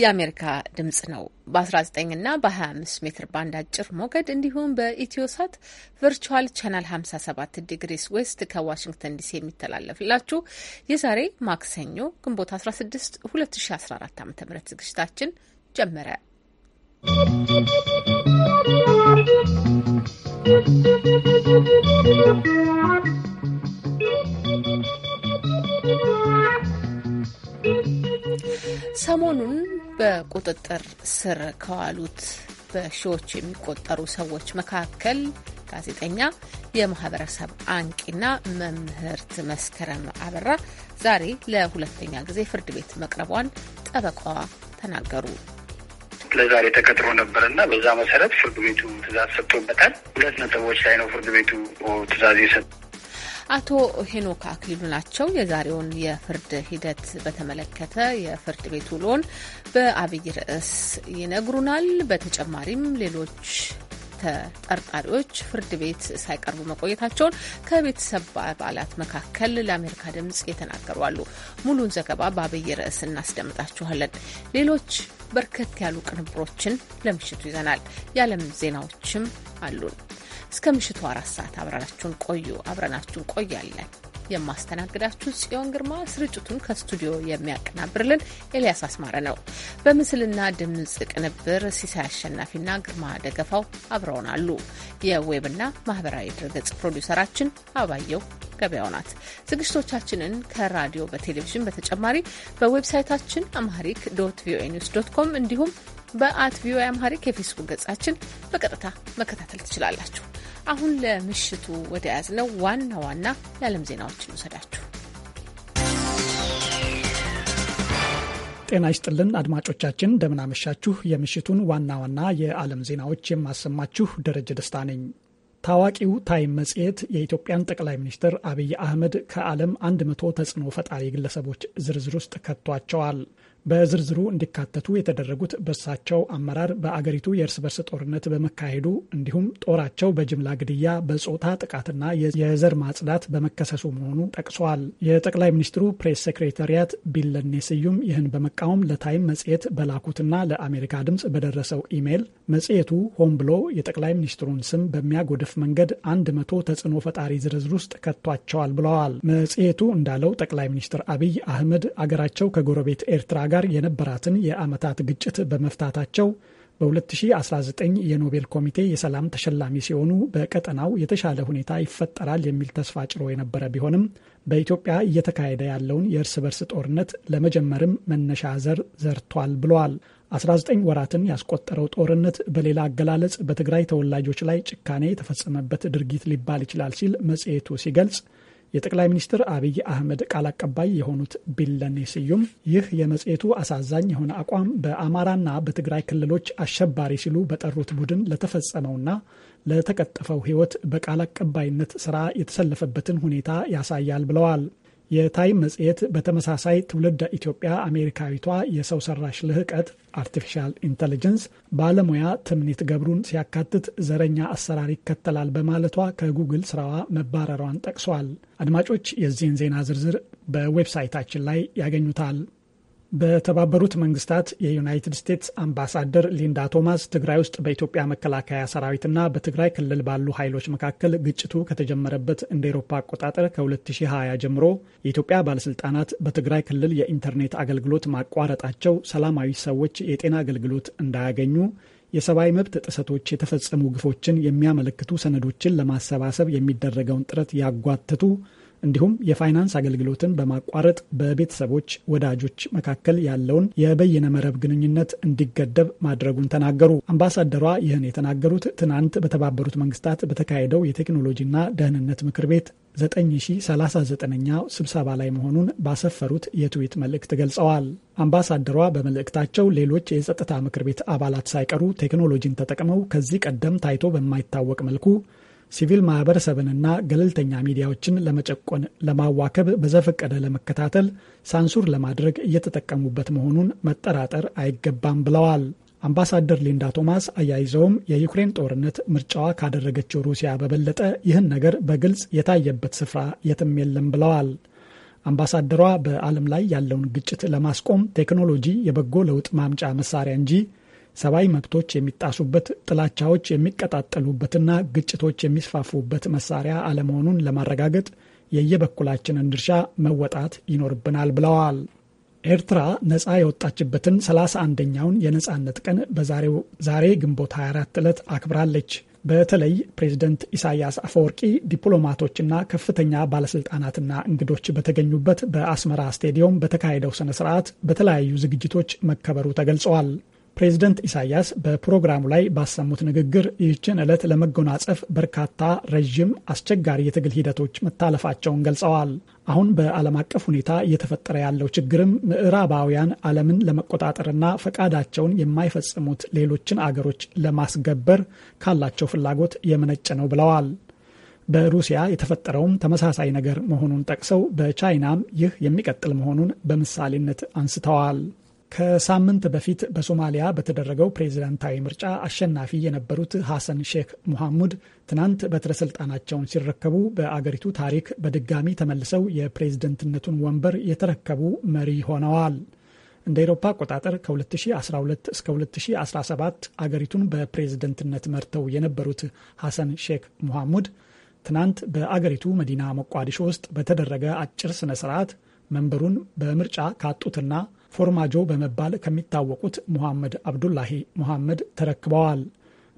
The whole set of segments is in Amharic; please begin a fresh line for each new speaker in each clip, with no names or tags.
የአሜሪካ ድምጽ ነው። በ19 እና በ25 ሜትር ባንድ አጭር ሞገድ እንዲሁም በኢትዮሳት ቨርቹዋል ቻናል 57 ዲግሪስ ዌስት ከዋሽንግተን ዲሲ የሚተላለፍላችሁ የዛሬ ማክሰኞ ግንቦት 16 2014 ዓ ም ዝግጅታችን ጀመረ። ሰሞኑን በቁጥጥር ስር ከዋሉት በሺዎች የሚቆጠሩ ሰዎች መካከል ጋዜጠኛ፣ የማህበረሰብ አንቂና መምህርት መስከረም አበራ ዛሬ ለሁለተኛ ጊዜ ፍርድ ቤት መቅረቧን ጠበቃዋ ተናገሩ።
ለዛሬ ተቀጥሮ ነበርና በዛ መሰረት ፍርድ ቤቱ ትእዛዝ ሰጥቶበታል። ሁለት ነጥቦች ላይ ነው ፍርድ ቤቱ ትእዛዝ የሰጠው።
አቶ ሄኖክ አክሊሉ ናቸው። የዛሬውን የፍርድ ሂደት በተመለከተ የፍርድ ቤት ውሎን በአብይ ርዕስ ይነግሩናል። በተጨማሪም ሌሎች ተጠርጣሪዎች ፍርድ ቤት ሳይቀርቡ መቆየታቸውን ከቤተሰብ አባላት መካከል ለአሜሪካ ድምጽ የተናገሩ አሉ። ሙሉን ዘገባ በአብይ ርዕስ እናስደምጣችኋለን። ሌሎች በርከት ያሉ ቅንብሮችን ለምሽቱ ይዘናል። የዓለም ዜናዎችም አሉን። እስከ ምሽቱ አራት ሰዓት አብረናችሁን ቆዩ አብረናችሁን ቆያለን። የማስተናግዳችሁ ጽዮን ግርማ፣ ስርጭቱን ከስቱዲዮ የሚያቀናብርልን ኤልያስ አስማረ ነው። በምስልና ድምፅ ቅንብር ሲሳይ አሸናፊና ግርማ ደገፋው አብረውን አሉ። የዌብና ማህበራዊ ድረገጽ ፕሮዲውሰራችን አባየው ገበያው ናት። ዝግጅቶቻችንን ከራዲዮ በቴሌቪዥን በተጨማሪ በዌብሳይታችን አምሃሪክ ዶት ቪኦኤ ኒውስ ዶት ኮም እንዲሁም በአት ቪኦኤ አምሃሪክ የፌስቡክ ገጻችን በቀጥታ መከታተል ትችላላችሁ። አሁን ለምሽቱ ወደ ያዝነው ዋና ዋና የዓለም ዜናዎችን ውሰዳችሁ።
ጤና ይስጥልን አድማጮቻችን፣ እንደምናመሻችሁ። የምሽቱን ዋና ዋና የዓለም ዜናዎች የማሰማችሁ ደረጀ ደስታ ነኝ። ታዋቂው ታይም መጽሔት የኢትዮጵያን ጠቅላይ ሚኒስትር አብይ አህመድ ከዓለም መቶ ተጽዕኖ ፈጣሪ ግለሰቦች ዝርዝር ውስጥ ከቷቸዋል። በዝርዝሩ እንዲካተቱ የተደረጉት በሳቸው አመራር በአገሪቱ የእርስ በርስ ጦርነት በመካሄዱ እንዲሁም ጦራቸው በጅምላ ግድያ፣ በጾታ ጥቃትና የዘር ማጽዳት በመከሰሱ መሆኑ ጠቅሰዋል። የጠቅላይ ሚኒስትሩ ፕሬስ ሴክሬታሪያት ቢለኔ ስዩም ይህን በመቃወም ለታይም መጽሔት በላኩትና ለአሜሪካ ድምፅ በደረሰው ኢሜይል መጽሔቱ ሆን ብሎ የጠቅላይ ሚኒስትሩን ስም በሚያጎድፍ መንገድ አንድ መቶ ተጽዕኖ ፈጣሪ ዝርዝር ውስጥ ከቷቸዋል ብለዋል። መጽሔቱ እንዳለው ጠቅላይ ሚኒስትር አብይ አህመድ አገራቸው ከጎረቤት ኤርትራ ጋር የነበራትን የዓመታት ግጭት በመፍታታቸው በ2019 የኖቤል ኮሚቴ የሰላም ተሸላሚ ሲሆኑ በቀጠናው የተሻለ ሁኔታ ይፈጠራል የሚል ተስፋ ጭሮ የነበረ ቢሆንም በኢትዮጵያ እየተካሄደ ያለውን የእርስ በርስ ጦርነት ለመጀመርም መነሻ ዘር ዘርቷል ብለዋል። 19 ወራትን ያስቆጠረው ጦርነት በሌላ አገላለጽ በትግራይ ተወላጆች ላይ ጭካኔ የተፈጸመበት ድርጊት ሊባል ይችላል ሲል መጽሔቱ ሲገልጽ የጠቅላይ ሚኒስትር አብይ አህመድ ቃል አቀባይ የሆኑት ቢለኔ ስዩም ይህ የመጽሔቱ አሳዛኝ የሆነ አቋም በአማራና በትግራይ ክልሎች አሸባሪ ሲሉ በጠሩት ቡድን ለተፈጸመውና ለተቀጠፈው ሕይወት በቃል አቀባይነት ስራ የተሰለፈበትን ሁኔታ ያሳያል ብለዋል። የታይም መጽሔት በተመሳሳይ ትውልድ ኢትዮጵያ አሜሪካዊቷ የሰው ሰራሽ ልህቀት አርቲፊሻል ኢንተልጀንስ ባለሙያ ትምኒት ገብሩን ሲያካትት ዘረኛ አሰራር ይከተላል በማለቷ ከጉግል ስራዋ መባረሯን ጠቅሷል። አድማጮች የዚህን ዜና ዝርዝር በዌብሳይታችን ላይ ያገኙታል። በተባበሩት መንግስታት የዩናይትድ ስቴትስ አምባሳደር ሊንዳ ቶማስ ትግራይ ውስጥ በኢትዮጵያ መከላከያ ሰራዊትና በትግራይ ክልል ባሉ ኃይሎች መካከል ግጭቱ ከተጀመረበት እንደ ኤሮፓ አቆጣጠር ከ2020 ጀምሮ የኢትዮጵያ ባለስልጣናት በትግራይ ክልል የኢንተርኔት አገልግሎት ማቋረጣቸው ሰላማዊ ሰዎች የጤና አገልግሎት እንዳያገኙ የሰብአዊ መብት ጥሰቶች የተፈጸሙ ግፎችን የሚያመለክቱ ሰነዶችን ለማሰባሰብ የሚደረገውን ጥረት ያጓትቱ እንዲሁም የፋይናንስ አገልግሎትን በማቋረጥ በቤተሰቦች ወዳጆች መካከል ያለውን የበይነ መረብ ግንኙነት እንዲገደብ ማድረጉን ተናገሩ። አምባሳደሯ ይህን የተናገሩት ትናንት በተባበሩት መንግስታት በተካሄደው የቴክኖሎጂና ደህንነት ምክር ቤት 9039ኛው ስብሰባ ላይ መሆኑን ባሰፈሩት የትዊት መልእክት ገልጸዋል። አምባሳደሯ በመልእክታቸው ሌሎች የጸጥታ ምክር ቤት አባላት ሳይቀሩ ቴክኖሎጂን ተጠቅመው ከዚህ ቀደም ታይቶ በማይታወቅ መልኩ ሲቪል ማህበረሰብንና ገለልተኛ ሚዲያዎችን ለመጨቆን፣ ለማዋከብ፣ በዘፈቀደ ለመከታተል፣ ሳንሱር ለማድረግ እየተጠቀሙበት መሆኑን መጠራጠር አይገባም ብለዋል። አምባሳደር ሊንዳ ቶማስ አያይዘውም የዩክሬን ጦርነት ምርጫዋ ካደረገችው ሩሲያ በበለጠ ይህን ነገር በግልጽ የታየበት ስፍራ የትም የለም ብለዋል። አምባሳደሯ በዓለም ላይ ያለውን ግጭት ለማስቆም ቴክኖሎጂ የበጎ ለውጥ ማምጫ መሳሪያ እንጂ ሰብአዊ መብቶች የሚጣሱበት፣ ጥላቻዎች የሚቀጣጠሉበትና ግጭቶች የሚስፋፉበት መሳሪያ አለመሆኑን ለማረጋገጥ የየበኩላችንን ድርሻ መወጣት ይኖርብናል ብለዋል። ኤርትራ ነፃ የወጣችበትን 31ኛውን የነፃነት ቀን በዛሬው ዛሬ ግንቦት 24 ዕለት አክብራለች። በተለይ ፕሬዝደንት ኢሳያስ አፈወርቂ ዲፕሎማቶችና ከፍተኛ ባለስልጣናትና እንግዶች በተገኙበት በአስመራ ስቴዲየም በተካሄደው ስነ ስርዓት በተለያዩ ዝግጅቶች መከበሩ ተገልጸዋል። ፕሬዝደንት ኢሳያስ በፕሮግራሙ ላይ ባሰሙት ንግግር ይህችን ዕለት ለመጎናጸፍ በርካታ ረዥም አስቸጋሪ የትግል ሂደቶች መታለፋቸውን ገልጸዋል። አሁን በዓለም አቀፍ ሁኔታ እየተፈጠረ ያለው ችግርም ምዕራባውያን ዓለምን ለመቆጣጠርና ፈቃዳቸውን የማይፈጽሙት ሌሎችን አገሮች ለማስገበር ካላቸው ፍላጎት የመነጨ ነው ብለዋል። በሩሲያ የተፈጠረውም ተመሳሳይ ነገር መሆኑን ጠቅሰው በቻይናም ይህ የሚቀጥል መሆኑን በምሳሌነት አንስተዋል። ከሳምንት በፊት በሶማሊያ በተደረገው ፕሬዝዳንታዊ ምርጫ አሸናፊ የነበሩት ሐሰን ሼክ ሙሐሙድ ትናንት በትረ ስልጣናቸውን ሲረከቡ በአገሪቱ ታሪክ በድጋሚ ተመልሰው የፕሬዝደንትነቱን ወንበር የተረከቡ መሪ ሆነዋል። እንደ ኤሮፓ አቆጣጠር ከ2012 እስከ 2017 አገሪቱን በፕሬዝደንትነት መርተው የነበሩት ሐሰን ሼክ ሙሐሙድ ትናንት በአገሪቱ መዲና ሞቃዲሾ ውስጥ በተደረገ አጭር ስነ ስርዓት መንበሩን በምርጫ ካጡትና ፎርማጆ በመባል ከሚታወቁት ሙሐመድ አብዱላሂ ሙሐመድ ተረክበዋል።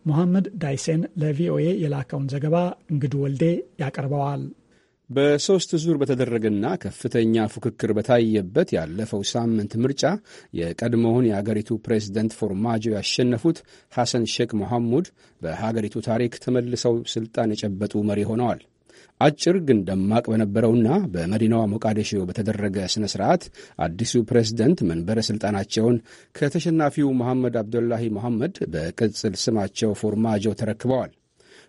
ሙሐመድ ዳይሴን ለቪኦኤ የላከውን ዘገባ እንግዱ ወልዴ ያቀርበዋል።
በሦስት ዙር በተደረገና ከፍተኛ ፉክክር በታየበት ያለፈው ሳምንት ምርጫ የቀድሞውን የአገሪቱ ፕሬዝደንት ፎርማጆ ያሸነፉት ሐሰን ሼክ መሐሙድ በሀገሪቱ ታሪክ ተመልሰው ስልጣን የጨበጡ መሪ ሆነዋል። አጭር ግን ደማቅ በነበረውና በመዲናዋ ሞቃዲሾ በተደረገ ስነ ስርዓት አዲሱ ፕሬዝደንት መንበረ ሥልጣናቸውን ከተሸናፊው መሐመድ አብዶላሂ መሐመድ በቅጽል ስማቸው ፎርማጆ ተረክበዋል።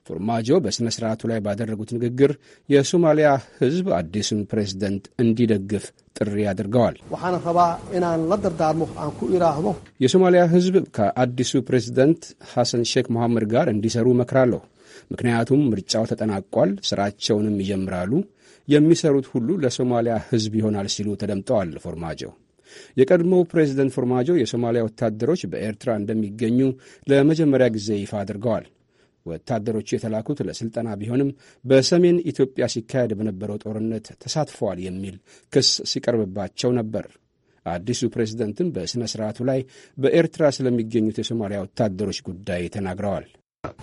ፎርማጆ በሥነ ሥርዓቱ ላይ ባደረጉት ንግግር የሶማሊያ ሕዝብ አዲሱን ፕሬዝደንት እንዲደግፍ ጥሪ አድርገዋል። የሶማሊያ ሕዝብ ከአዲሱ ፕሬዝደንት ሐሰን ሼክ መሐመድ ጋር እንዲሰሩ እመክራለሁ ምክንያቱም ምርጫው ተጠናቋል፣ ስራቸውንም ይጀምራሉ፣ የሚሰሩት ሁሉ ለሶማሊያ ህዝብ ይሆናል ሲሉ ተደምጠዋል ፎርማጆ። የቀድሞው ፕሬዚደንት ፎርማጆ የሶማሊያ ወታደሮች በኤርትራ እንደሚገኙ ለመጀመሪያ ጊዜ ይፋ አድርገዋል። ወታደሮቹ የተላኩት ለሥልጠና ቢሆንም በሰሜን ኢትዮጵያ ሲካሄድ በነበረው ጦርነት ተሳትፈዋል የሚል ክስ ሲቀርብባቸው ነበር። አዲሱ ፕሬዝደንትም በሥነ ሥርዓቱ ላይ በኤርትራ ስለሚገኙት የሶማሊያ ወታደሮች ጉዳይ ተናግረዋል።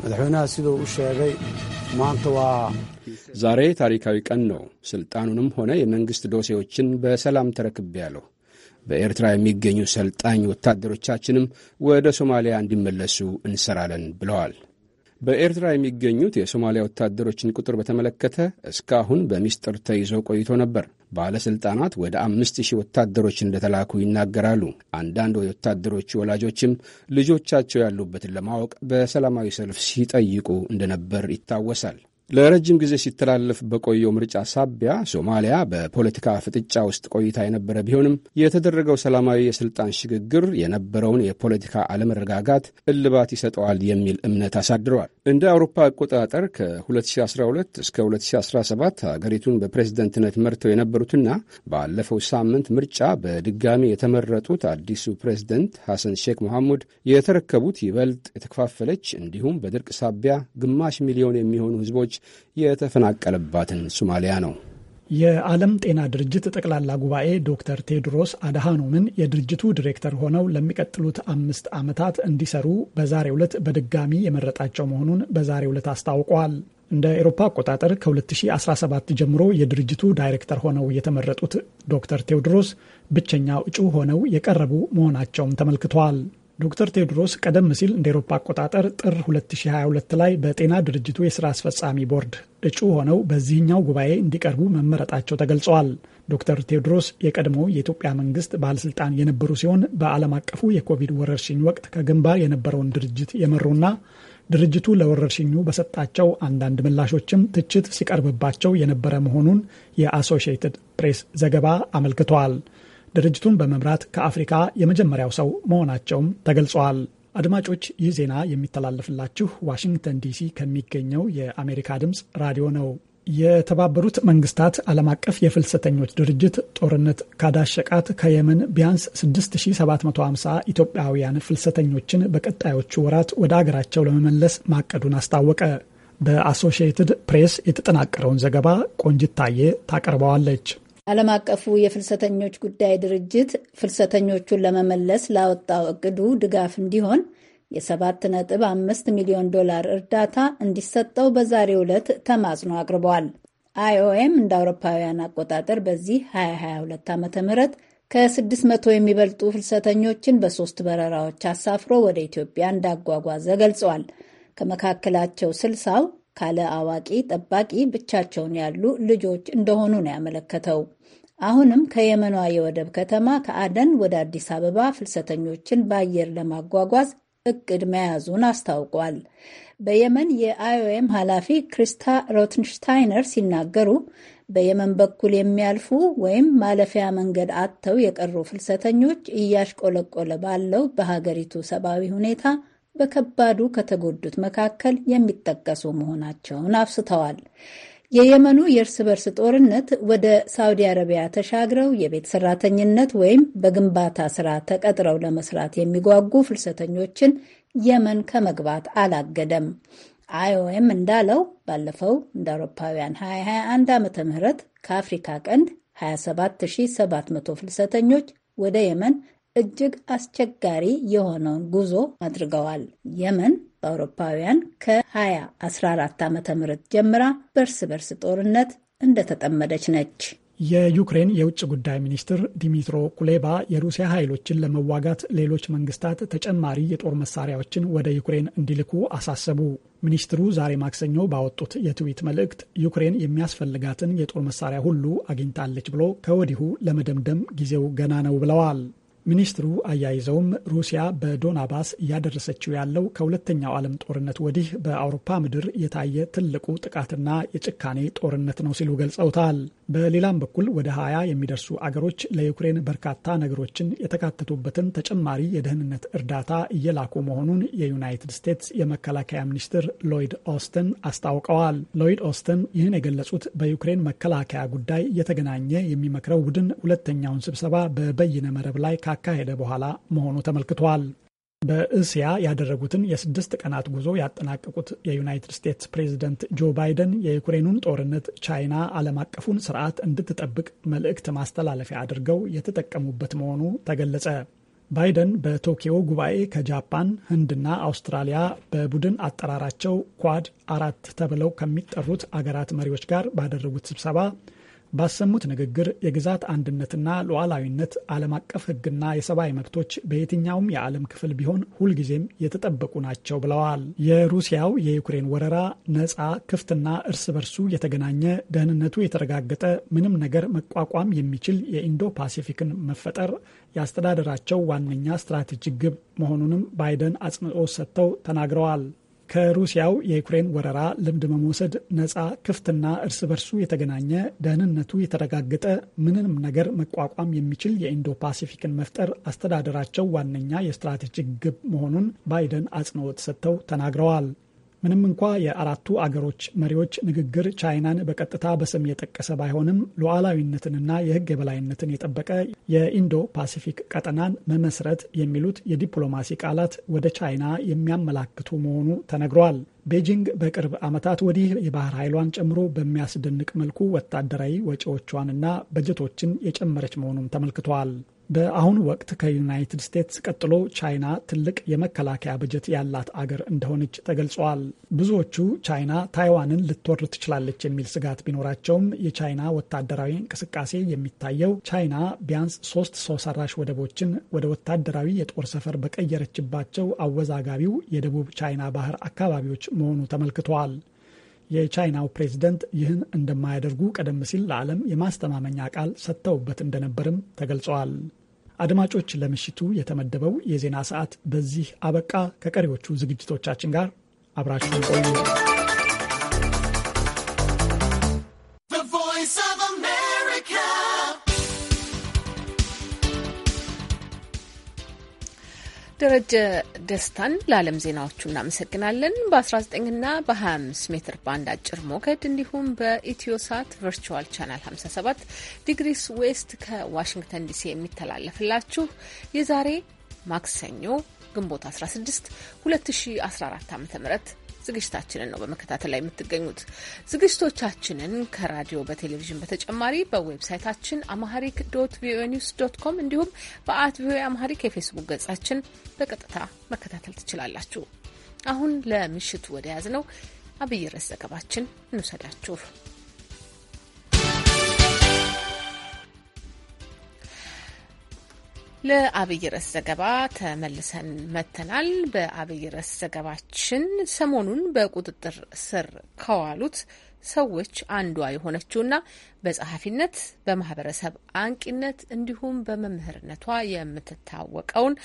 መዳሕናህ ሲዶ ሸገይ ማንተ ዋ ዛሬ ታሪካዊ ቀን ነው። ስልጣኑንም ሆነ የመንግስት ዶሴዎችን በሰላም ያለሁ በኤርትራ የሚገኙ ሰልጣኝ ወታደሮቻችንም ወደ ሶማሊያ እንዲመለሱ እንሰራለን ብለዋል። በኤርትራ የሚገኙት የሶማሊያ ወታደሮችን ቁጥር በተመለከተ እስካሁን በሚስጥር ተይዞ ቆይቶ ነበር። ባለሥልጣናት ወደ አምስት ሺህ ወታደሮች እንደተላኩ ይናገራሉ። አንዳንድ የወታደሮቹ ወላጆችም ልጆቻቸው ያሉበትን ለማወቅ በሰላማዊ ሰልፍ ሲጠይቁ እንደነበር ይታወሳል። ለረጅም ጊዜ ሲተላለፍ በቆየው ምርጫ ሳቢያ ሶማሊያ በፖለቲካ ፍጥጫ ውስጥ ቆይታ የነበረ ቢሆንም የተደረገው ሰላማዊ የስልጣን ሽግግር የነበረውን የፖለቲካ አለመረጋጋት እልባት ይሰጠዋል የሚል እምነት አሳድረዋል። እንደ አውሮፓ አቆጣጠር ከ2012 እስከ 2017 ሀገሪቱን በፕሬዝደንትነት መርተው የነበሩትና ባለፈው ሳምንት ምርጫ በድጋሚ የተመረጡት አዲሱ ፕሬዝደንት ሐሰን ሼክ መሐሙድ የተረከቡት ይበልጥ የተከፋፈለች እንዲሁም በድርቅ ሳቢያ ግማሽ ሚሊዮን የሚሆኑ ህዝቦች የተፈናቀለባትን ሶማሊያ ነው።
የዓለም ጤና ድርጅት ጠቅላላ ጉባኤ ዶክተር ቴድሮስ አድሃኖምን የድርጅቱ ዲሬክተር ሆነው ለሚቀጥሉት አምስት ዓመታት እንዲሰሩ በዛሬ ዕለት በድጋሚ የመረጣቸው መሆኑን በዛሬ ዕለት አስታውቋል። እንደ ኤሮፓ አቆጣጠር ከ2017 ጀምሮ የድርጅቱ ዳይሬክተር ሆነው የተመረጡት ዶክተር ቴዎድሮስ ብቸኛው እጩ ሆነው የቀረቡ መሆናቸውም ተመልክተዋል። ዶክተር ቴዎድሮስ ቀደም ሲል እንደ ኤሮፓ አቆጣጠር ጥር 2022 ላይ በጤና ድርጅቱ የስራ አስፈጻሚ ቦርድ እጩ ሆነው በዚህኛው ጉባኤ እንዲቀርቡ መመረጣቸው ተገልጸዋል። ዶክተር ቴዎድሮስ የቀድሞ የኢትዮጵያ መንግስት ባለስልጣን የነበሩ ሲሆን በዓለም አቀፉ የኮቪድ ወረርሽኝ ወቅት ከግንባር የነበረውን ድርጅት የመሩና ድርጅቱ ለወረርሽኙ በሰጣቸው አንዳንድ ምላሾችም ትችት ሲቀርብባቸው የነበረ መሆኑን የአሶሺየትድ ፕሬስ ዘገባ አመልክተዋል። ድርጅቱን በመምራት ከአፍሪካ የመጀመሪያው ሰው መሆናቸውም ተገልጸዋል። አድማጮች ይህ ዜና የሚተላለፍላችሁ ዋሽንግተን ዲሲ ከሚገኘው የአሜሪካ ድምፅ ራዲዮ ነው። የተባበሩት መንግስታት ዓለም አቀፍ የፍልሰተኞች ድርጅት ጦርነት ካዳሸቃት ከየመን ቢያንስ 6750 ኢትዮጵያውያን ፍልሰተኞችን በቀጣዮቹ ወራት ወደ አገራቸው ለመመለስ ማቀዱን አስታወቀ። በአሶሺየትድ ፕሬስ የተጠናቀረውን ዘገባ ቆንጅት ታዬ ታቀርበዋለች።
ዓለም አቀፉ የፍልሰተኞች ጉዳይ ድርጅት ፍልሰተኞቹን ለመመለስ ላወጣው እቅዱ ድጋፍ እንዲሆን የሰባት ነጥብ አምስት ሚሊዮን ዶላር እርዳታ እንዲሰጠው በዛሬው ዕለት ተማጽኖ አቅርበዋል። አይኦኤም እንደ አውሮፓውያን አቆጣጠር በዚህ 2022 ዓ ም ከ600 የሚበልጡ ፍልሰተኞችን በሶስት በረራዎች አሳፍሮ ወደ ኢትዮጵያ እንዳጓጓዘ ገልጿል። ከመካከላቸው ስልሳው ካለ አዋቂ ጠባቂ ብቻቸውን ያሉ ልጆች እንደሆኑ ነው ያመለከተው። አሁንም ከየመኗ የወደብ ከተማ ከአደን ወደ አዲስ አበባ ፍልሰተኞችን በአየር ለማጓጓዝ እቅድ መያዙን አስታውቋል። በየመን የአይኦኤም ኃላፊ ክሪስታ ሮትንሽታይነር ሲናገሩ በየመን በኩል የሚያልፉ ወይም ማለፊያ መንገድ አጥተው የቀሩ ፍልሰተኞች እያሽቆለቆለ ባለው በሀገሪቱ ሰብአዊ ሁኔታ በከባዱ ከተጎዱት መካከል የሚጠቀሱ መሆናቸውን አፍስተዋል። የየመኑ የእርስ በርስ ጦርነት ወደ ሳውዲ አረቢያ ተሻግረው የቤት ሰራተኝነት ወይም በግንባታ ስራ ተቀጥረው ለመስራት የሚጓጉ ፍልሰተኞችን የመን ከመግባት አላገደም። አይኦኤም እንዳለው ባለፈው እንደ አውሮፓውያን 2021 ዓመተ ምህረት ከአፍሪካ ቀንድ 27700 ፍልሰተኞች ወደ የመን እጅግ አስቸጋሪ የሆነውን ጉዞ አድርገዋል። የመን በአውሮፓውያን ከ2014 ዓ ም ጀምራ በርስ በርስ ጦርነት እንደተጠመደች ነች።
የዩክሬን የውጭ ጉዳይ ሚኒስትር ዲሚትሮ ኩሌባ የሩሲያ ኃይሎችን ለመዋጋት ሌሎች መንግስታት ተጨማሪ የጦር መሳሪያዎችን ወደ ዩክሬን እንዲልኩ አሳሰቡ። ሚኒስትሩ ዛሬ ማክሰኞ ባወጡት የትዊት መልእክት ዩክሬን የሚያስፈልጋትን የጦር መሳሪያ ሁሉ አግኝታለች ብሎ ከወዲሁ ለመደምደም ጊዜው ገና ነው ብለዋል። ሚኒስትሩ አያይዘውም ሩሲያ በዶናባስ እያደረሰችው ያለው ከሁለተኛው ዓለም ጦርነት ወዲህ በአውሮፓ ምድር የታየ ትልቁ ጥቃትና የጭካኔ ጦርነት ነው ሲሉ ገልጸውታል። በሌላም በኩል ወደ ሀያ የሚደርሱ አገሮች ለዩክሬን በርካታ ነገሮችን የተካተቱበትን ተጨማሪ የደህንነት እርዳታ እየላኩ መሆኑን የዩናይትድ ስቴትስ የመከላከያ ሚኒስትር ሎይድ ኦስተን አስታውቀዋል። ሎይድ ኦስተን ይህን የገለጹት በዩክሬን መከላከያ ጉዳይ እየተገናኘ የሚመክረው ቡድን ሁለተኛውን ስብሰባ በበይነ መረብ ላይ ካካሄደ በኋላ መሆኑ ተመልክቷል። በእስያ ያደረጉትን የስድስት ቀናት ጉዞ ያጠናቀቁት የዩናይትድ ስቴትስ ፕሬዚደንት ጆ ባይደን የዩክሬኑን ጦርነት ቻይና ዓለም አቀፉን ስርዓት እንድትጠብቅ መልእክት ማስተላለፊያ አድርገው የተጠቀሙበት መሆኑ ተገለጸ። ባይደን በቶኪዮ ጉባኤ ከጃፓን፣ ህንድና አውስትራሊያ በቡድን አጠራራቸው ኳድ አራት ተብለው ከሚጠሩት አገራት መሪዎች ጋር ባደረጉት ስብሰባ ባሰሙት ንግግር የግዛት አንድነትና ሉዓላዊነት ዓለም አቀፍ ሕግና የሰብአዊ መብቶች በየትኛውም የዓለም ክፍል ቢሆን ሁልጊዜም የተጠበቁ ናቸው ብለዋል። የሩሲያው የዩክሬን ወረራ ነፃ፣ ክፍትና እርስ በርሱ የተገናኘ ደህንነቱ የተረጋገጠ ምንም ነገር መቋቋም የሚችል የኢንዶ ፓሲፊክን መፈጠር የአስተዳደራቸው ዋነኛ ስትራቴጂክ ግብ መሆኑንም ባይደን አጽንኦት ሰጥተው ተናግረዋል። ከሩሲያው የዩክሬን ወረራ ልምድ መመውሰድ ነፃ ክፍትና እርስ በርሱ የተገናኘ ደህንነቱ የተረጋገጠ ምንም ነገር መቋቋም የሚችል የኢንዶ ፓሲፊክን መፍጠር አስተዳደራቸው ዋነኛ የስትራቴጂክ ግብ መሆኑን ባይደን አጽንኦት ሰጥተው ተናግረዋል። ምንም እንኳ የአራቱ አገሮች መሪዎች ንግግር ቻይናን በቀጥታ በስም የጠቀሰ ባይሆንም ሉዓላዊነትንና የሕግ የበላይነትን የጠበቀ የኢንዶ ፓሲፊክ ቀጠናን መመስረት የሚሉት የዲፕሎማሲ ቃላት ወደ ቻይና የሚያመላክቱ መሆኑ ተነግሯል። ቤጂንግ በቅርብ ዓመታት ወዲህ የባህር ኃይሏን ጨምሮ በሚያስደንቅ መልኩ ወታደራዊ ወጪዎቿንና በጀቶችን የጨመረች መሆኑም ተመልክቷል። በአሁኑ ወቅት ከዩናይትድ ስቴትስ ቀጥሎ ቻይና ትልቅ የመከላከያ በጀት ያላት አገር እንደሆነች ተገልጿል። ብዙዎቹ ቻይና ታይዋንን ልትወር ትችላለች የሚል ስጋት ቢኖራቸውም የቻይና ወታደራዊ እንቅስቃሴ የሚታየው ቻይና ቢያንስ ሶስት ሰው ሰራሽ ወደቦችን ወደ ወታደራዊ የጦር ሰፈር በቀየረችባቸው አወዛጋቢው የደቡብ ቻይና ባህር አካባቢዎች መሆኑ ተመልክተዋል። የቻይናው ፕሬዝደንት ይህን እንደማያደርጉ ቀደም ሲል ለዓለም የማስተማመኛ ቃል ሰጥተውበት እንደነበርም ተገልጸዋል። አድማጮች፣ ለምሽቱ የተመደበው የዜና ሰዓት በዚህ አበቃ። ከቀሪዎቹ ዝግጅቶቻችን ጋር አብራችሁን ቆዩ።
ደረጀ ደስታን ለዓለም ዜናዎቹ እናመሰግናለን። በ19ና በ25 ሜትር ባንድ አጭር ሞገድ እንዲሁም በኢትዮሳት ቨርቹዋል ቻናል 57 ዲግሪስ ዌስት ከዋሽንግተን ዲሲ የሚተላለፍላችሁ የዛሬ ማክሰኞ ግንቦት 16 2014 ም ዝግጅታችንን ነው በመከታተል ላይ የምትገኙት። ዝግጅቶቻችንን ከራዲዮ በቴሌቪዥን በተጨማሪ በዌብሳይታችን አማሃሪክ ዶት ቪኦኤ ኒውስ ዶት ኮም እንዲሁም በአት ቪኦኤ አማሃሪክ የፌስቡክ ገጻችን በቀጥታ መከታተል ትችላላችሁ። አሁን ለምሽቱ ወደ ያዝ ነው አብይ ርዕስ ዘገባችን እንውሰዳችሁ። ለአብይ ርዕስ ዘገባ ተመልሰን መጥተናል። በአብይ ርዕስ ዘገባችን ሰሞኑን በቁጥጥር ስር ከዋሉት ሰዎች አንዷ የሆነችውና በጸሐፊነት በማህበረሰብ አንቂነት እንዲሁም በመምህርነቷ የምትታወቀውን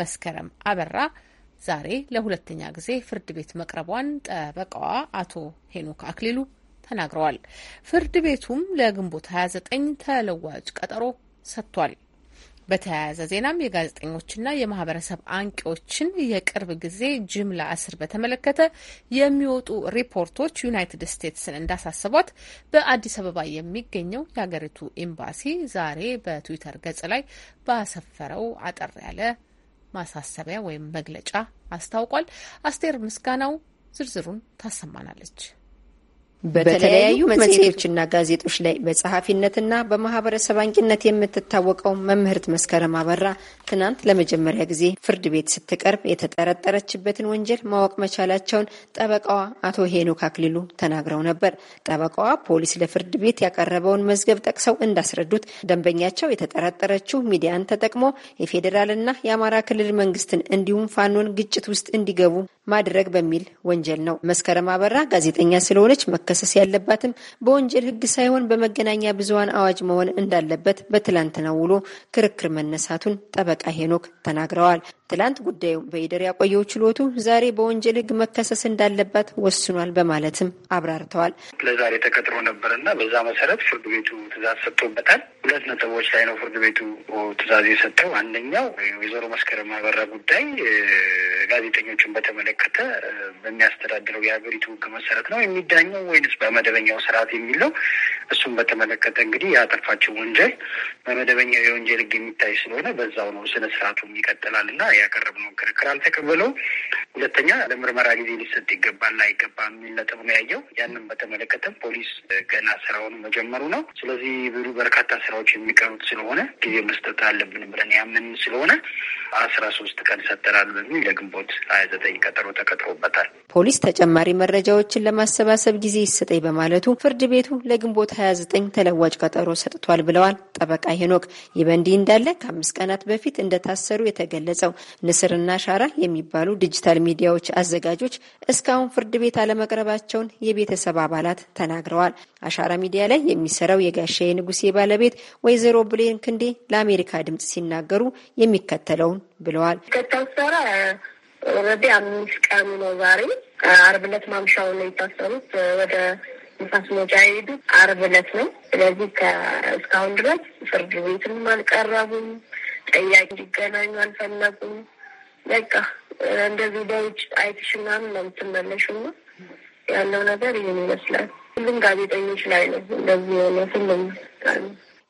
መስከረም አበራ ዛሬ ለሁለተኛ ጊዜ ፍርድ ቤት መቅረቧን ጠበቃዋ አቶ ሄኖክ አክሊሉ ተናግረዋል። ፍርድ ቤቱም ለግንቦት 29 ተለዋጭ ቀጠሮ ሰጥቷል። በተያያዘ ዜናም የጋዜጠኞችና የማህበረሰብ አንቂዎችን የቅርብ ጊዜ ጅምላ እስር በተመለከተ የሚወጡ ሪፖርቶች ዩናይትድ ስቴትስን እንዳሳሰቧት በአዲስ አበባ የሚገኘው የሀገሪቱ ኤምባሲ ዛሬ በትዊተር ገጽ ላይ ባሰፈረው አጠር ያለ ማሳሰቢያ ወይም መግለጫ አስታውቋል። አስቴር ምስጋናው ዝርዝሩን ታሰማናለች።
በተለያዩ መጽሔቶችና ጋዜጦች ላይ በጸሐፊነትና በማህበረሰብ አንቂነት የምትታወቀው መምህርት መስከረም አበራ ትናንት ለመጀመሪያ ጊዜ ፍርድ ቤት ስትቀርብ የተጠረጠረችበትን ወንጀል ማወቅ መቻላቸውን ጠበቃዋ አቶ ሄኖክ አክሊሉ ተናግረው ነበር። ጠበቃዋ ፖሊስ ለፍርድ ቤት ያቀረበውን መዝገብ ጠቅሰው እንዳስረዱት ደንበኛቸው የተጠረጠረችው ሚዲያን ተጠቅሞ የፌዴራልና የአማራ ክልል መንግስትን እንዲሁም ፋኖን ግጭት ውስጥ እንዲገቡ ማድረግ በሚል ወንጀል ነው። መስከረም አበራ ጋዜጠኛ ስለሆነች መከ መከሰስ ያለባትም በወንጀል ህግ ሳይሆን በመገናኛ ብዙሀን አዋጅ መሆን እንዳለበት በትላንትናው ውሎ ክርክር መነሳቱን ጠበቃ ሄኖክ ተናግረዋል። ትላንት ጉዳዩን በይደር ያቆየው ችሎቱ ዛሬ በወንጀል ህግ መከሰስ እንዳለባት ወስኗል በማለትም አብራርተዋል።
ለዛሬ ተቀጥሮ ነበርና በዛ መሰረት ፍርድ ቤቱ ትእዛዝ ሰጥቶበታል። ሁለት ነጥቦች ላይ ነው ፍርድ ቤቱ ትእዛዝ የሰጠው። አንደኛው ወይዘሮ መስከረም አበራ ጉዳይ ጋዜጠኞችን በተመለከተ በሚያስተዳድረው የሀገሪቱ ህግ መሰረት ነው የሚዳኘው ወይንስ በመደበኛው ስርዓት የሚለው እሱም በተመለከተ እንግዲህ ያጠፋቸው ወንጀል በመደበኛው የወንጀል ህግ የሚታይ ስለሆነ በዛው ነው ስነ ስርዓቱም ይቀጥላል እና ያቀረብነውን ክርክር አልተቀበለው። ሁለተኛ ለምርመራ ጊዜ ሊሰጥ ይገባል አይገባ የሚል ነጥብ ነው ያየው። ያንን በተመለከተም ፖሊስ ገና ስራውን መጀመሩ ነው። ስለዚህ ብዙ በርካታ ስራዎች የሚቀሩት ስለሆነ ጊዜ መስጠት አለብን ብለን ያምን ስለሆነ አስራ ሶስት ቀን ሰጠናል በሚል ለግንቦት ሀያ ዘጠኝ ቀጠሮ ተቀጥሮበታል።
ፖሊስ ተጨማሪ መረጃዎችን ለማሰባሰብ ጊዜ ይሰጠኝ በማለቱ ፍርድ ቤቱ ለግንቦት ሀያ ዘጠኝ ተለዋጭ ቀጠሮ ሰጥቷል ብለዋል ጠበቃ ሄኖክ። ይህ በእንዲህ እንዳለ ከአምስት ቀናት በፊት እንደታሰሩ የተገለጸው ንስርና ሻራ የሚባሉ ዲጂታል ሚዲያዎች አዘጋጆች እስካሁን ፍርድ ቤት አለመቅረባቸውን የቤተሰብ አባላት ተናግረዋል። አሻራ ሚዲያ ላይ የሚሰራው የጋሻ ንጉሴ ባለቤት ወይዘሮ ብሌን ክንዴ ለአሜሪካ ድምጽ ሲናገሩ የሚከተለውን ብለዋል።
ከታሰራ ወደ አምስት ቀኑ ነው። ዛሬ አርብ ዕለት ማምሻው ነው የታሰሩት። ወደ ንፋስ መውጫ የሄዱት አርብ ዕለት ነው። ስለዚህ እስካሁን ድረስ ፍርድ ቤትም አልቀረቡም። ጠያቂ ሊገናኙ አልፈለጉም። በቃ እንደዚህ በውጭ አይትሽ ምናምን ነው የምትመለሽው። ያለው ነገር ይህን ይመስላል። ሁሉም ጋዜጠኞች ላይ ነው እንደዚህ የሆነ ሁሉም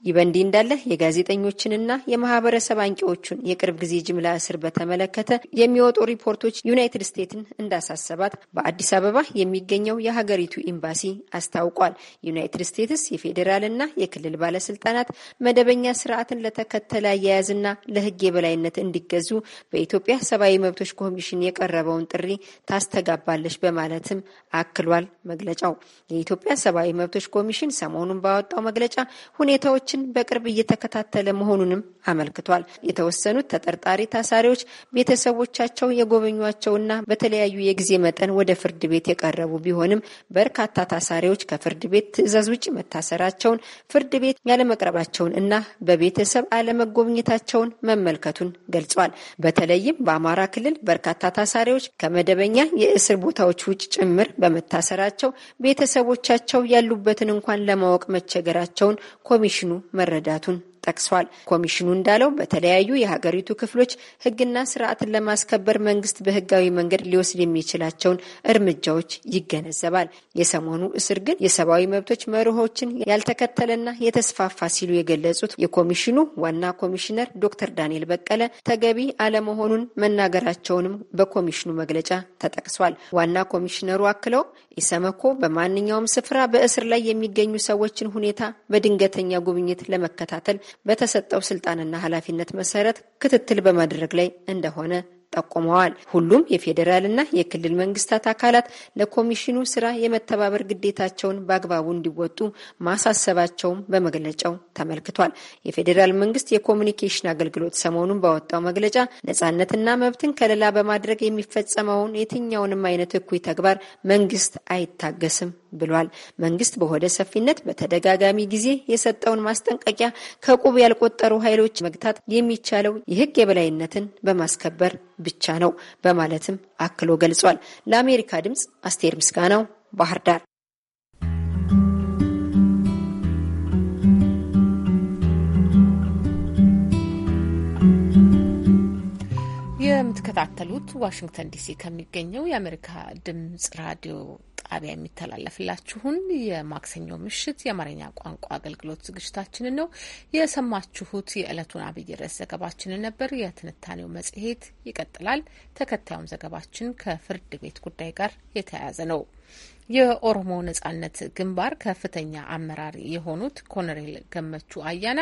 ይህ በእንዲህ እንዳለ የጋዜጠኞችንና የማህበረሰብ አንቂዎቹን የቅርብ ጊዜ ጅምላ እስር በተመለከተ የሚወጡ ሪፖርቶች ዩናይትድ ስቴትን እንዳሳሰባት በአዲስ አበባ የሚገኘው የሀገሪቱ ኤምባሲ አስታውቋል። ዩናይትድ ስቴትስ የፌዴራልና የክልል ባለስልጣናት መደበኛ ስርዓትን ለተከተለ አያያዝና ለህግ የበላይነት እንዲገዙ በኢትዮጵያ ሰብአዊ መብቶች ኮሚሽን የቀረበውን ጥሪ ታስተጋባለች በማለትም አክሏል መግለጫው። የኢትዮጵያ ሰብአዊ መብቶች ኮሚሽን ሰሞኑን ባወጣው መግለጫ ሁኔታዎች ሁኔታዎችን በቅርብ እየተከታተለ መሆኑንም አመልክቷል። የተወሰኑት ተጠርጣሪ ታሳሪዎች ቤተሰቦቻቸው የጎበኟቸውና በተለያዩ የጊዜ መጠን ወደ ፍርድ ቤት የቀረቡ ቢሆንም በርካታ ታሳሪዎች ከፍርድ ቤት ትዕዛዝ ውጭ መታሰራቸውን፣ ፍርድ ቤት ያለመቅረባቸውን እና በቤተሰብ አለመጎብኘታቸውን መመልከቱን ገልጿል። በተለይም በአማራ ክልል በርካታ ታሳሪዎች ከመደበኛ የእስር ቦታዎች ውጭ ጭምር በመታሰራቸው ቤተሰቦቻቸው ያሉበትን እንኳን ለማወቅ መቸገራቸውን ኮሚሽኑ መረዳቱን ጠቅሷል። ኮሚሽኑ እንዳለው በተለያዩ የሀገሪቱ ክፍሎች ህግና ስርዓትን ለማስከበር መንግስት በህጋዊ መንገድ ሊወስድ የሚችላቸውን እርምጃዎች ይገነዘባል። የሰሞኑ እስር ግን የሰብአዊ መብቶች መርሆችን ያልተከተለና የተስፋፋ ሲሉ የገለጹት የኮሚሽኑ ዋና ኮሚሽነር ዶክተር ዳንኤል በቀለ ተገቢ አለመሆኑን መናገራቸውንም በኮሚሽኑ መግለጫ ተጠቅሷል። ዋና ኮሚሽነሩ አክለው ኢሰመኮ በማንኛውም ስፍራ በእስር ላይ የሚገኙ ሰዎችን ሁኔታ በድንገተኛ ጉብኝት ለመከታተል በተሰጠው ስልጣንና ኃላፊነት መሰረት ክትትል በማድረግ ላይ እንደሆነ ጠቁመዋል። ሁሉም የፌዴራልና የክልል መንግስታት አካላት ለኮሚሽኑ ስራ የመተባበር ግዴታቸውን በአግባቡ እንዲወጡ ማሳሰባቸውም በመግለጫው ተመልክቷል። የፌዴራል መንግስት የኮሚኒኬሽን አገልግሎት ሰሞኑን ባወጣው መግለጫ ነጻነትና መብትን ከለላ በማድረግ የሚፈጸመውን የትኛውንም አይነት እኩይ ተግባር መንግስት አይታገስም ብሏል። መንግስት በሆደ ሰፊነት በተደጋጋሚ ጊዜ የሰጠውን ማስጠንቀቂያ ከቁብ ያልቆጠሩ ኃይሎች መግታት የሚቻለው የህግ የበላይነትን በማስከበር ብቻ ነው በማለትም አክሎ ገልጿል። ለአሜሪካ ድምፅ አስቴር ምስጋናው ባህር ዳር።
የምትከታተሉት ዋሽንግተን ዲሲ ከሚገኘው የአሜሪካ ድምፅ ራዲዮ ጣቢያ የሚተላለፍላችሁን የማክሰኞ ምሽት የአማርኛ ቋንቋ አገልግሎት ዝግጅታችንን ነው የሰማችሁት። የዕለቱን አብይ ርዕስ ዘገባችንን ነበር። የትንታኔው መጽሔት ይቀጥላል። ተከታዩም ዘገባችን ከፍርድ ቤት ጉዳይ ጋር የተያያዘ ነው። የኦሮሞ ነጻነት ግንባር ከፍተኛ አመራር የሆኑት ኮሎኔል ገመቹ አያና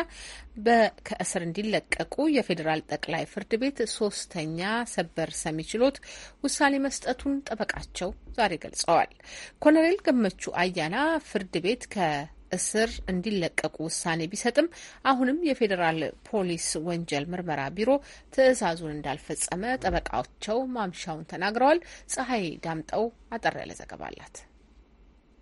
ከእስር እንዲለቀቁ የፌዴራል ጠቅላይ ፍርድ ቤት ሶስተኛ ሰበር ሰሚ ችሎት ውሳኔ መስጠቱን ጠበቃቸው ዛሬ ገልጸዋል። ኮሎኔል ገመቹ አያና ፍርድ ቤት ከ እስር እንዲለቀቁ ውሳኔ ቢሰጥም አሁንም የፌዴራል ፖሊስ ወንጀል ምርመራ ቢሮ ትዕዛዙን እንዳልፈጸመ ጠበቃቸው ማምሻውን ተናግረዋል። ፀሐይ ዳምጠው አጠር ያለ ዘገባ
አላት።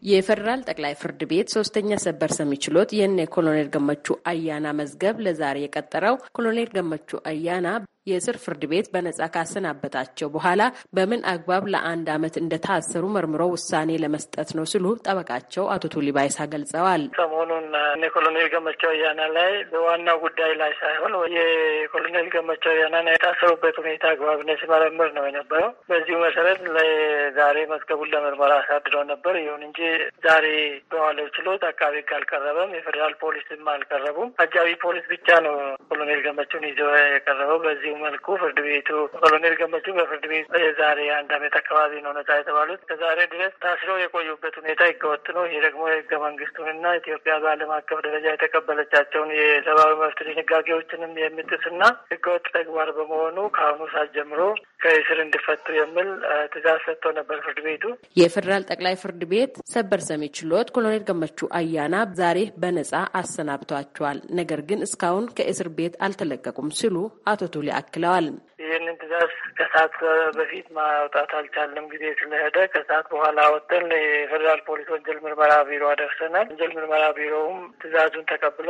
የፌዴራል ጠቅላይ ፍርድ ቤት ሶስተኛ ሰበር ሰሚ ችሎት የነ ኮሎኔል ገመቹ አያና መዝገብ ለዛሬ የቀጠረው ኮሎኔል ገመቹ አያና የስር ፍርድ ቤት በነጻ ካሰናበታቸው በኋላ በምን አግባብ ለአንድ ዓመት እንደታሰሩ መርምሮ ውሳኔ ለመስጠት ነው ሲሉ ጠበቃቸው አቶ ቱሊባይሳ ገልጸዋል።
ሰሞኑን የኮሎኔል ገመቻ ወያና ላይ በዋናው ጉዳይ ላይ ሳይሆን የኮሎኔል ገመቻ ወያና የታሰሩበት ሁኔታ አግባብነት ሲመረምር ነው የነበረው። በዚሁ መሰረት ለዛሬ መዝገቡን ለምርመራ አሳድረው ነበር። ይሁን እንጂ ዛሬ በዋለው ችሎት አቃቤ ሕግ አልቀረበም፣ የፌዴራል ፖሊስም አልቀረቡም። አጃቢ ፖሊስ ብቻ ነው ኮሎኔል ገመቹን ይዘው የቀረበው በዚህ በዚሁ መልኩ ፍርድ ቤቱ ኮሎኔል ገመቹ በፍርድ ቤት የዛሬ አንድ አመት አካባቢ ነው ነጻ የተባሉት። ከዛሬ ድረስ ታስረው የቆዩበት ሁኔታ ይገወጥ ነው። ይህ ደግሞ የህገ መንግስቱንና ኢትዮጵያ በዓለም አቀፍ ደረጃ የተቀበለቻቸውን የሰብአዊ መብት ድንጋጌዎችንም የሚጥስና ህገወጥ ተግባር በመሆኑ ከአሁኑ ሰዓት ጀምሮ ከእስር
እንዲፈቱ የሚል ትእዛዝ ሰጥቶ ነበር ፍርድ ቤቱ። የፌዴራል ጠቅላይ ፍርድ ቤት ሰበር ሰሚ ችሎት ኮሎኔል ገመቹ አያና ዛሬ በነጻ አሰናብቷቸዋል። ነገር ግን እስካሁን ከእስር ቤት አልተለቀቁም ሲሉ አቶ ቱሊ አክለዋል።
ይህንን ትእዛዝ ከሰዓት በፊት ማውጣት አልቻለም፣ ጊዜ ስለሄደ ከሰዓት በኋላ ወጥተን የፌዴራል ፖሊስ ወንጀል ምርመራ ቢሮ አደርሰናል። ወንጀል ምርመራ ቢሮውም ትእዛዙን ተቀብሎ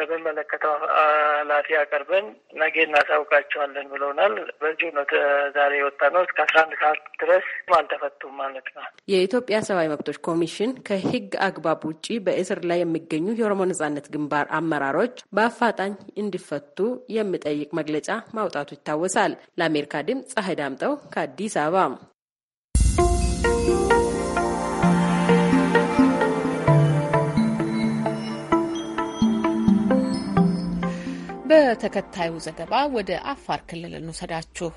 ለሚመለከተው ኃላፊ አቀርበን ነገ እናሳውቃቸዋለን ብለውናል። በዚሁ ነው ዛሬ የወጣ ነው። እስከ አስራ አንድ ሰዓት ድረስ አልተፈቱም ማለት
ነው። የኢትዮጵያ ሰብአዊ መብቶች ኮሚሽን ከህግ አግባብ ውጪ በእስር ላይ የሚገኙ የኦሮሞ ነጻነት ግንባር አመራሮች በአፋጣኝ እንዲፈቱ የሚጠይቅ መግለጫ ማውጣቱ ይታወሳል። ለአሜሪካ ድምፅ ፀሐይ ዳምጠው ከአዲስ አበባ
በተከታዩ ዘገባ ወደ አፋር ክልል እንውሰዳችሁ።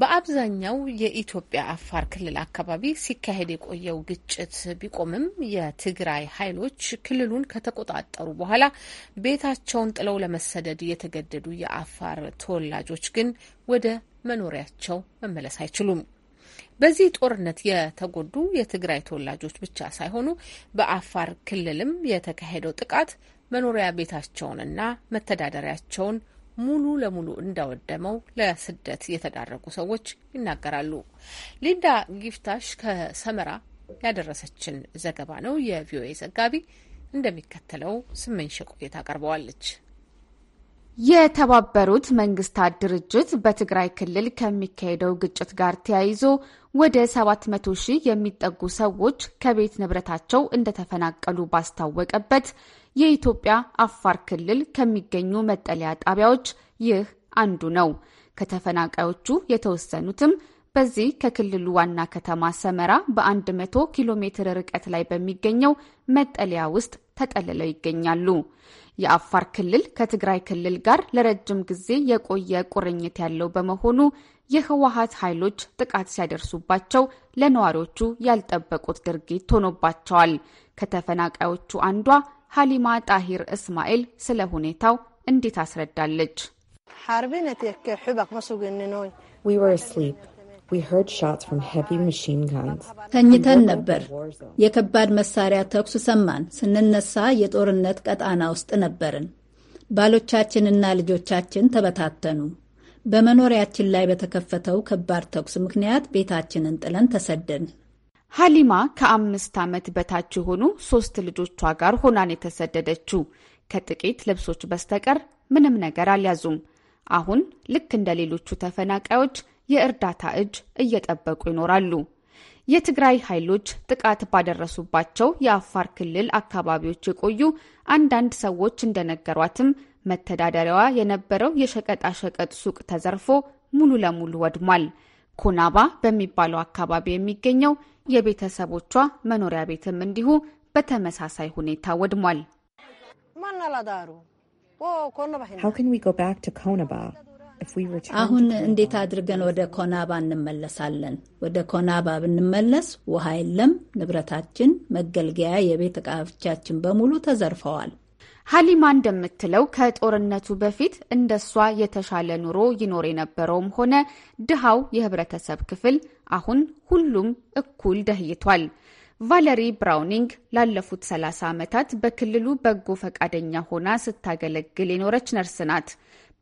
በአብዛኛው የኢትዮጵያ አፋር ክልል አካባቢ ሲካሄድ የቆየው ግጭት ቢቆምም የትግራይ ኃይሎች ክልሉን ከተቆጣጠሩ በኋላ ቤታቸውን ጥለው ለመሰደድ የተገደዱ የአፋር ተወላጆች ግን ወደ መኖሪያቸው መመለስ አይችሉም። በዚህ ጦርነት የተጎዱ የትግራይ ተወላጆች ብቻ ሳይሆኑ በአፋር ክልልም የተካሄደው ጥቃት መኖሪያ ቤታቸውንና መተዳደሪያቸውን ሙሉ ለሙሉ እንዳወደመው ለስደት የተዳረጉ ሰዎች ይናገራሉ። ሊንዳ ጊፍታሽ ከሰመራ ያደረሰችን ዘገባ ነው። የቪኦኤ ዘጋቢ እንደሚከተለው ስምንሽ ቆይታ አቀርበዋለች።
የተባበሩት መንግስታት ድርጅት በትግራይ ክልል ከሚካሄደው ግጭት ጋር ተያይዞ ወደ 700 ሺህ የሚጠጉ ሰዎች ከቤት ንብረታቸው እንደተፈናቀሉ ባስታወቀበት የኢትዮጵያ አፋር ክልል ከሚገኙ መጠለያ ጣቢያዎች ይህ አንዱ ነው። ከተፈናቃዮቹ የተወሰኑትም በዚህ ከክልሉ ዋና ከተማ ሰመራ በ100 ኪሎ ሜትር ርቀት ላይ በሚገኘው መጠለያ ውስጥ ተጠልለው ይገኛሉ። የአፋር ክልል ከትግራይ ክልል ጋር ለረጅም ጊዜ የቆየ ቁርኝት ያለው በመሆኑ የህወሀት ኃይሎች ጥቃት ሲያደርሱባቸው ለነዋሪዎቹ ያልጠበቁት ድርጊት ሆኖባቸዋል። ከተፈናቃዮቹ አንዷ ሀሊማ ጣሂር እስማኤል ስለ ሁኔታው እንዴት አስረዳለች!
ተኝተን ነበር። የከባድ መሳሪያ ተኩስ ሰማን። ስንነሳ የጦርነት ቀጣና ውስጥ ነበርን። ባሎቻችንና ልጆቻችን ተበታተኑ። በመኖሪያችን ላይ በተከፈተው ከባድ ተኩስ ምክንያት ቤታችንን ጥለን ተሰደን ሀሊማ ከአምስት ዓመት በታች የሆኑ ሶስት ልጆቿ ጋር ሆናን የተሰደደችው
ከጥቂት ልብሶች በስተቀር ምንም ነገር አልያዙም። አሁን ልክ እንደ ሌሎቹ ተፈናቃዮች የእርዳታ እጅ እየጠበቁ ይኖራሉ። የትግራይ ኃይሎች ጥቃት ባደረሱባቸው የአፋር ክልል አካባቢዎች የቆዩ አንዳንድ ሰዎች እንደነገሯትም መተዳደሪያዋ የነበረው የሸቀጣሸቀጥ ሱቅ ተዘርፎ ሙሉ ለሙሉ ወድሟል። ኩናባ በሚባለው አካባቢ የሚገኘው የቤተሰቦቿ መኖሪያ ቤትም እንዲሁ በተመሳሳይ ሁኔታ ወድሟል።
አሁን እንዴት አድርገን ወደ ኮናባ እንመለሳለን? ወደ ኮናባ ብንመለስ ውሃ የለም፣ ንብረታችን፣ መገልገያ የቤት እቃዎቻችን በሙሉ ተዘርፈዋል። ሀሊማ እንደምትለው ከጦርነቱ በፊት እንደሷ የተሻለ ኑሮ ይኖር
የነበረውም ሆነ ድሃው የህብረተሰብ ክፍል አሁን ሁሉም እኩል ደህይቷል። ቫለሪ ብራውኒንግ ላለፉት 30 ዓመታት በክልሉ በጎ ፈቃደኛ ሆና ስታገለግል የኖረች ነርስ ናት።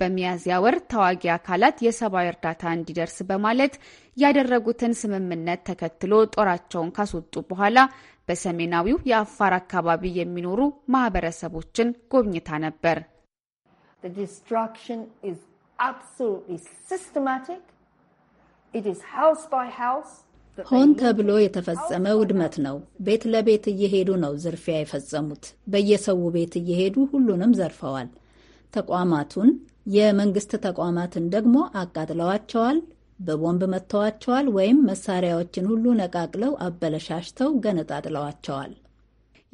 በሚያዝያ ወር ተዋጊ አካላት የሰብአዊ እርዳታ እንዲደርስ በማለት ያደረጉትን ስምምነት ተከትሎ ጦራቸውን ካስወጡ በኋላ በሰሜናዊው የአፋር አካባቢ የሚኖሩ ማህበረሰቦችን ጎብኝታ ነበር።
ሆን ተብሎ የተፈጸመ ውድመት ነው። ቤት ለቤት እየሄዱ ነው ዝርፊያ የፈጸሙት። በየሰው ቤት እየሄዱ ሁሉንም ዘርፈዋል። ተቋማቱን የመንግስት ተቋማትን ደግሞ አቃጥለዋቸዋል፣ በቦምብ መጥተዋቸዋል፣ ወይም መሳሪያዎችን ሁሉ ነቃቅለው አበለሻሽተው ገነጣጥለዋቸዋል።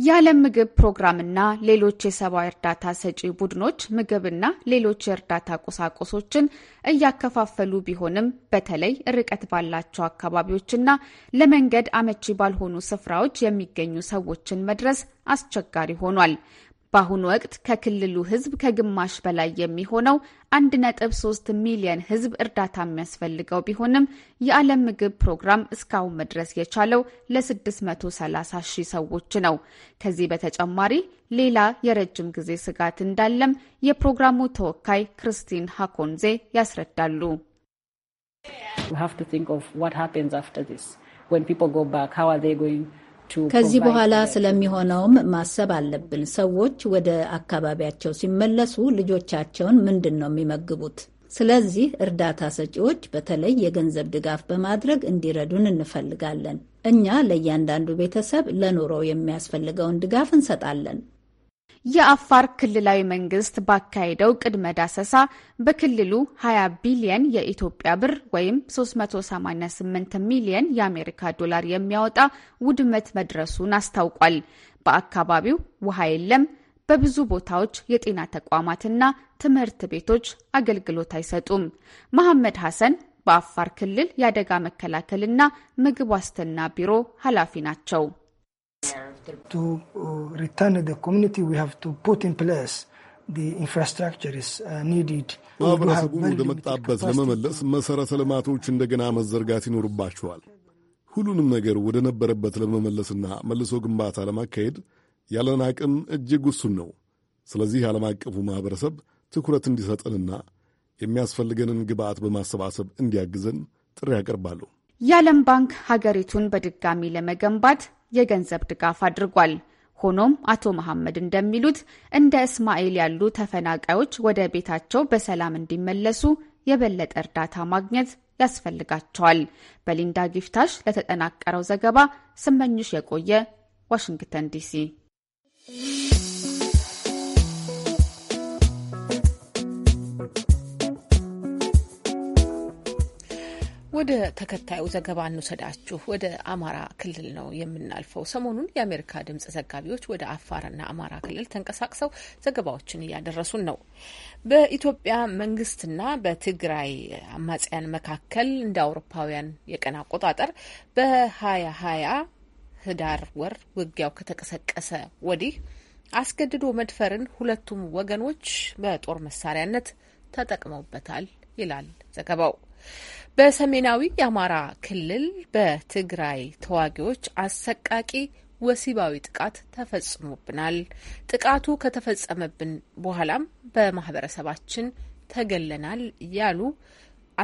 የዓለም ምግብ ፕሮግራምና ሌሎች
የሰብአዊ እርዳታ ሰጪ ቡድኖች ምግብና ሌሎች የእርዳታ ቁሳቁሶችን እያከፋፈሉ ቢሆንም በተለይ ርቀት ባላቸው አካባቢዎችና ለመንገድ አመቺ ባልሆኑ ስፍራዎች የሚገኙ ሰዎችን መድረስ አስቸጋሪ ሆኗል። በአሁኑ ወቅት ከክልሉ ህዝብ ከግማሽ በላይ የሚሆነው 1.3 ሚሊየን ህዝብ እርዳታ የሚያስፈልገው ቢሆንም የዓለም ምግብ ፕሮግራም እስካሁን መድረስ የቻለው ለ630 ሺህ ሰዎች ነው። ከዚህ በተጨማሪ ሌላ የረጅም ጊዜ ስጋት እንዳለም የፕሮግራሙ ተወካይ ክርስቲን ሃኮንዜ ያስረዳሉ።
We have to think of what happens after this. When people go back, how are they going ከዚህ በኋላ
ስለሚሆነውም ማሰብ አለብን። ሰዎች ወደ አካባቢያቸው ሲመለሱ ልጆቻቸውን ምንድን ነው የሚመግቡት? ስለዚህ እርዳታ ሰጪዎች በተለይ የገንዘብ ድጋፍ በማድረግ እንዲረዱን እንፈልጋለን። እኛ ለእያንዳንዱ ቤተሰብ ለኑሮው የሚያስፈልገውን ድጋፍ እንሰጣለን። የአፋር ክልላዊ መንግስት ባካሄደው ቅድመ ዳሰሳ በክልሉ 20
ቢሊየን የኢትዮጵያ ብር ወይም 388 ሚሊየን የአሜሪካ ዶላር የሚያወጣ ውድመት መድረሱን አስታውቋል። በአካባቢው ውሃ የለም። በብዙ ቦታዎች የጤና ተቋማትና ትምህርት ቤቶች አገልግሎት አይሰጡም። መሐመድ ሐሰን በአፋር ክልል የአደጋ መከላከልና ምግብ ዋስትና ቢሮ
ኃላፊ ናቸው። To uh, return the community, we have to put in place the infrastructure is uh, needed. ማህበረሰቡን ወደ መጣበት
ለመመለስ መሠረተ ልማቶች እንደገና መዘርጋት ይኖርባቸዋል። ሁሉንም ነገር ወደ ነበረበት ለመመለስና መልሶ ግንባታ ለማካሄድ ያለን አቅም እጅግ ውሱን ነው። ስለዚህ ዓለም አቀፉ ማኅበረሰብ ትኩረት እንዲሰጠንና የሚያስፈልገንን ግብዓት በማሰባሰብ እንዲያግዘን ጥሪ ያቀርባሉ።
የዓለም ባንክ ሀገሪቱን በድጋሚ ለመገንባት የገንዘብ ድጋፍ አድርጓል። ሆኖም አቶ መሐመድ እንደሚሉት እንደ እስማኤል ያሉ ተፈናቃዮች ወደ ቤታቸው በሰላም እንዲመለሱ የበለጠ እርዳታ ማግኘት ያስፈልጋቸዋል። በሊንዳ ጊፍታሽ ለተጠናቀረው ዘገባ ስመኝሽ የቆየ ዋሽንግተን ዲሲ
ወደ ተከታዩ ዘገባ እንውሰዳችሁ። ወደ አማራ ክልል ነው የምናልፈው። ሰሞኑን የአሜሪካ ድምጽ ዘጋቢዎች ወደ አፋርና አማራ ክልል ተንቀሳቅሰው ዘገባዎችን እያደረሱን ነው። በኢትዮጵያ መንግስትና በትግራይ አማጽያን መካከል እንደ አውሮፓውያን የቀን አቆጣጠር በሀያ ሀያ ህዳር ወር ውጊያው ከተቀሰቀሰ ወዲህ አስገድዶ መድፈርን ሁለቱም ወገኖች በጦር መሳሪያነት ተጠቅመውበታል ይላል ዘገባው። በሰሜናዊ የአማራ ክልል በትግራይ ተዋጊዎች አሰቃቂ ወሲባዊ ጥቃት ተፈጽሞብናል። ጥቃቱ ከተፈጸመብን በኋላም በማህበረሰባችን ተገለናል ያሉ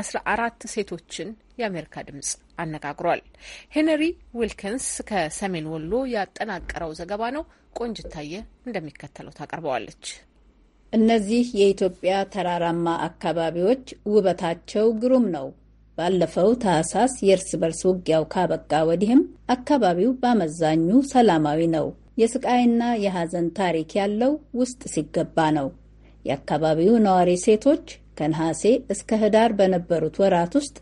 አስራ አራት ሴቶችን የአሜሪካ ድምጽ አነጋግሯል። ሄንሪ ዊልኪንስ ከሰሜን ወሎ ያጠናቀረው ዘገባ ነው። ቆንጅታየ እንደሚከተለው ታቀርበዋለች።
እነዚህ የኢትዮጵያ ተራራማ አካባቢዎች ውበታቸው ግሩም ነው። ባለፈው ታህሳስ የእርስ በርስ ውጊያው ካበቃ ወዲህም አካባቢው በአመዛኙ ሰላማዊ ነው። የስቃይና የሐዘን ታሪክ ያለው ውስጥ ሲገባ ነው። የአካባቢው ነዋሪ ሴቶች ከነሐሴ እስከ ህዳር በነበሩት ወራት ውስጥ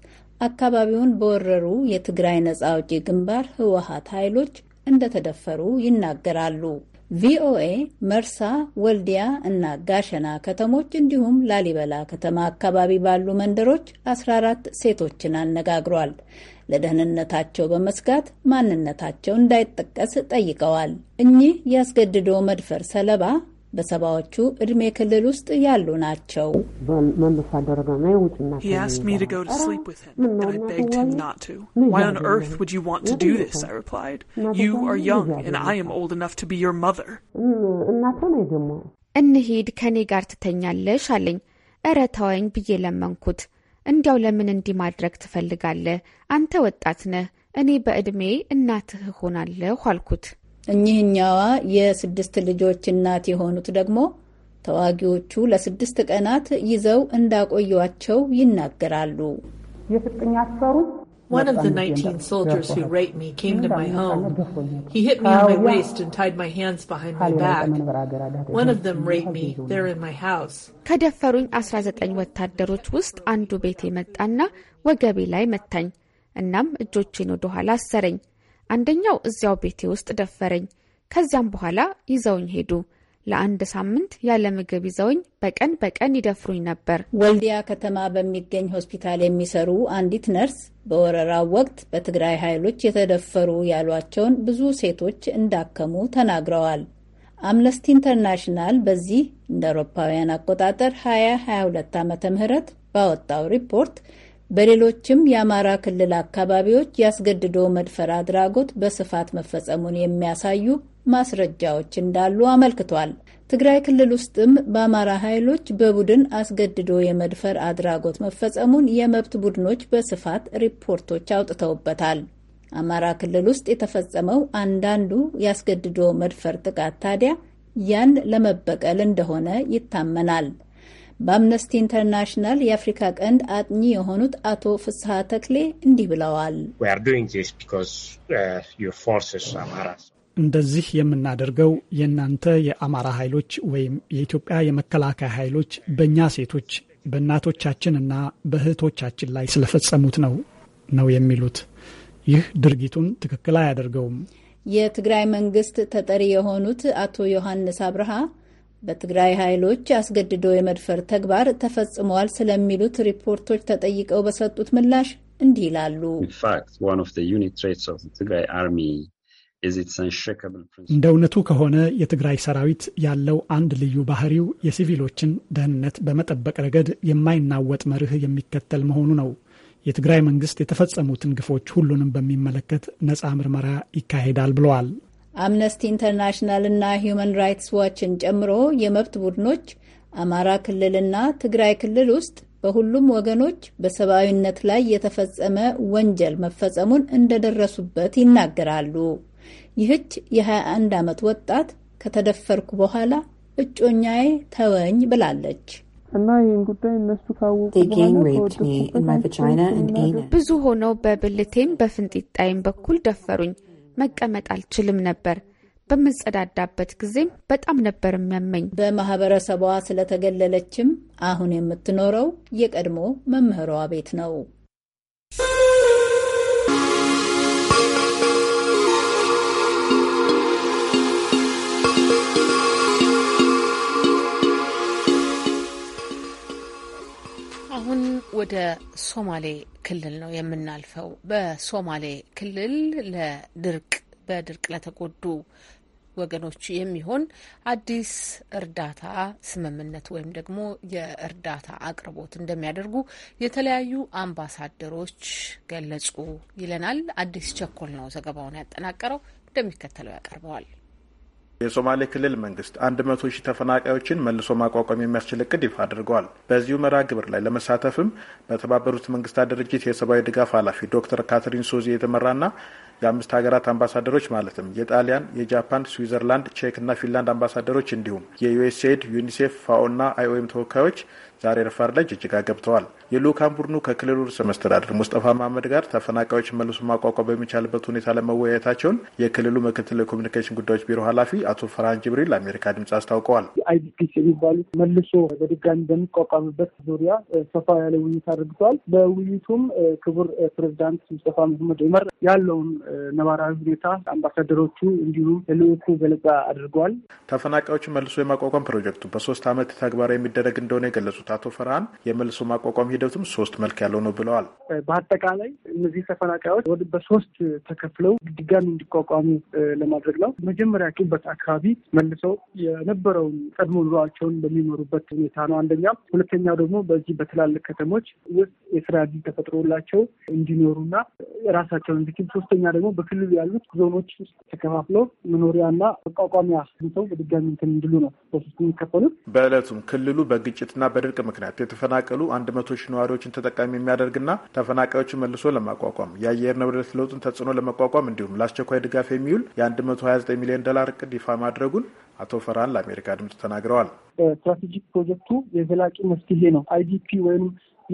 አካባቢውን በወረሩ የትግራይ ነጻ አውጪ ግንባር ህወሀት ኃይሎች እንደተደፈሩ ይናገራሉ። ቪኦኤ መርሳ፣ ወልዲያ እና ጋሸና ከተሞች እንዲሁም ላሊበላ ከተማ አካባቢ ባሉ መንደሮች 14 ሴቶችን አነጋግሯል። ለደህንነታቸው በመስጋት ማንነታቸው እንዳይጠቀስ ጠይቀዋል። እኚህ ያስገድዶ መድፈር ሰለባ በሰባዎቹ እድሜ ክልል ውስጥ ያሉ ናቸው።
እንሂድ፣ ከእኔ ጋር ትተኛለሽ አለኝ። እረ ተወኝ ብዬ ለመንኩት። እንዲያው ለምን እንዲህ ማድረግ ትፈልጋለህ? አንተ ወጣት ነህ፣ እኔ በዕድሜ
እናትህ ሆናለሁ አልኩት። እኚህኛዋ የስድስት ልጆች እናት የሆኑት ደግሞ ተዋጊዎቹ ለስድስት ቀናት ይዘው እንዳቆዩዋቸው ይናገራሉ። የፍጥቅኛ አሰሩ
One of the 19 soldiers who raped me came to
my home.
He hit me on my waist and tied my hands behind my back. One of them raped me. They're in my house.
ከደፈሩኝ 19 ወታደሮች ውስጥ አንዱ ቤቴ መጣና ወገቤ ላይ መታኝ። እናም እጆቼን ወደ ኋላ አሰረኝ። አንደኛው እዚያው ቤቴ ውስጥ ደፈረኝ። ከዚያም በኋላ ይዘውኝ ሄዱ። ለአንድ ሳምንት ያለ ምግብ ይዘውኝ በቀን በቀን ይደፍሩኝ ነበር።
ወልዲያ ከተማ በሚገኝ ሆስፒታል የሚሰሩ አንዲት ነርስ በወረራው ወቅት በትግራይ ኃይሎች የተደፈሩ ያሏቸውን ብዙ ሴቶች እንዳከሙ ተናግረዋል። አምነስቲ ኢንተርናሽናል በዚህ እንደ አውሮፓውያን አቆጣጠር 2022 ዓ ም ባወጣው ሪፖርት በሌሎችም የአማራ ክልል አካባቢዎች ያስገድዶ መድፈር አድራጎት በስፋት መፈጸሙን የሚያሳዩ ማስረጃዎች እንዳሉ አመልክቷል። ትግራይ ክልል ውስጥም በአማራ ኃይሎች በቡድን አስገድዶ የመድፈር አድራጎት መፈጸሙን የመብት ቡድኖች በስፋት ሪፖርቶች አውጥተውበታል። አማራ ክልል ውስጥ የተፈጸመው አንዳንዱ ያስገድዶ መድፈር ጥቃት ታዲያ ያን ለመበቀል እንደሆነ ይታመናል። በአምነስቲ ኢንተርናሽናል የአፍሪካ ቀንድ አጥኚ የሆኑት አቶ ፍስሐ ተክሌ እንዲህ ብለዋል።
uh,
እንደዚህ የምናደርገው የእናንተ የአማራ ኃይሎች ወይም የኢትዮጵያ የመከላከያ ኃይሎች በእኛ ሴቶች በእናቶቻችን እና በእህቶቻችን ላይ ስለፈጸሙት ነው ነው የሚሉት። ይህ ድርጊቱን ትክክል አያደርገውም።
የትግራይ መንግስት ተጠሪ የሆኑት አቶ ዮሐንስ አብርሃ በትግራይ ኃይሎች አስገድዶ የመድፈር ተግባር ተፈጽሟል ስለሚሉት ሪፖርቶች ተጠይቀው በሰጡት ምላሽ እንዲህ ይላሉ።
እንደ እውነቱ ከሆነ የትግራይ ሰራዊት ያለው አንድ ልዩ ባህሪው የሲቪሎችን ደህንነት በመጠበቅ ረገድ የማይናወጥ መርህ የሚከተል መሆኑ ነው። የትግራይ መንግስት የተፈጸሙትን ግፎች ሁሉንም በሚመለከት ነፃ ምርመራ ይካሄዳል ብለዋል።
አምነስቲ ኢንተርናሽናልና ሂውማን ራይትስ ዋችን ጨምሮ የመብት ቡድኖች አማራ ክልልና ትግራይ ክልል ውስጥ በሁሉም ወገኖች በሰብአዊነት ላይ የተፈጸመ ወንጀል መፈጸሙን እንደደረሱበት ይናገራሉ። ይህች የ21 ዓመት ወጣት ከተደፈርኩ በኋላ እጮኛዬ ተወኝ ብላለች። እና ይህን ጉዳይ እነሱ ካወቁ
ብዙ ሆነው በብልቴም በፍንጢጣይም በኩል ደፈሩኝ።
መቀመጥ አልችልም ነበር። በምጸዳዳበት ጊዜም በጣም ነበር የሚያመኝ። በማህበረሰቧ ስለተገለለችም አሁን የምትኖረው የቀድሞ መምህሯ ቤት ነው።
አሁን ወደ ሶማሌ ክልል ነው የምናልፈው። በሶማሌ ክልል ለድርቅ በድርቅ ለተጎዱ ወገኖች የሚሆን አዲስ እርዳታ ስምምነት ወይም ደግሞ የእርዳታ አቅርቦት እንደሚያደርጉ የተለያዩ አምባሳደሮች ገለጹ ይለናል። አዲስ ቸኮል ነው ዘገባውን ያጠናቀረው፣ እንደሚከተለው ያቀርበዋል።
የሶማሌ ክልል መንግስት አንድ መቶ ሺህ ተፈናቃዮችን መልሶ ማቋቋም የሚያስችል እቅድ ይፋ አድርገዋል። በዚሁ መርሃ ግብር ላይ ለመሳተፍም በተባበሩት መንግስታት ድርጅት የሰብአዊ ድጋፍ ኃላፊ ዶክተር ካትሪን ሶዚ የተመራና የአምስት ሀገራት አምባሳደሮች ማለትም የጣሊያን፣ የጃፓን፣ ስዊዘርላንድ፣ ቼክ እና ፊንላንድ አምባሳደሮች እንዲሁም የዩኤስኤድ፣ ዩኒሴፍ፣ ፋኦ እና አይኦኤም ተወካዮች ዛሬ ረፋድ ላይ ጅጅጋ ገብተዋል። የልኡካን ቡድኑ ከክልሉ ርዕሰ መስተዳድር ሙስጠፋ መሀመድ ጋር ተፈናቃዮች መልሶ ማቋቋም በሚቻልበት ሁኔታ ለመወያየታቸውን የክልሉ ምክትል የኮሚኒኬሽን ጉዳዮች ቢሮ ኃላፊ አቶ ፈርሃን ጅብሪል ለአሜሪካ ድምጽ አስታውቀዋል።
አይዲፒስ የሚባሉት መልሶ በድጋሚ በሚቋቋምበት ዙሪያ ሰፋ ያለ ውይይት አድርግተዋል። በውይይቱም ክቡር ፕሬዚዳንት ሙስጠፋ መሀመድ ዑመር ያለውን ነባራዊ ሁኔታ
አምባሳደሮቹ እንዲሁም ልኡኩ ገለጻ አድርገዋል። ተፈናቃዮች መልሶ የማቋቋም ፕሮጀክቱ በሶስት ዓመት ተግባራዊ የሚደረግ እንደሆነ የገለጹት የሚያነሱት አቶ ፈርሃን የመልሶ ማቋቋም ሂደቱም ሶስት መልክ ያለው ነው ብለዋል።
በአጠቃላይ እነዚህ ተፈናቃዮች ወደ በሶስት ተከፍለው ድጋሚ እንዲቋቋሙ ለማድረግ ነው። መጀመሪያ ጡበት አካባቢ መልሰው የነበረውን ቀድሞ ኑሯቸውን በሚኖሩበት ሁኔታ ነው አንደኛ። ሁለተኛው ደግሞ በዚህ በትላልቅ ከተሞች ውስጥ የስራ እድል ተፈጥሮላቸው እንዲኖሩና ራሳቸውን እንዲችል፣ ሶስተኛ ደግሞ በክልሉ ያሉት ዞኖች ውስጥ ተከፋፍለው መኖሪያና መቋቋሚያ ሰው በድጋሚ እንትን እንድሉ ነው በሶስት
የሚከፈሉት። በእለቱም ክልሉ በግጭትና በድርቅ ድርቅ ምክንያት የተፈናቀሉ አንድ መቶ ሺህ ነዋሪዎችን ተጠቃሚ የሚያደርግና ተፈናቃዮችን መልሶ ለማቋቋም የአየር ንብረት ለውጥን ተጽዕኖ ለመቋቋም እንዲሁም ለአስቸኳይ ድጋፍ የሚውል የ129 ሚሊዮን ዶላር እቅድ ይፋ ማድረጉን አቶ ፈርሃን ለአሜሪካ ድምጽ ተናግረዋል።
ስትራቴጂክ ፕሮጀክቱ የዘላቂ መፍትሄ ነው። አይዲፒ ወይም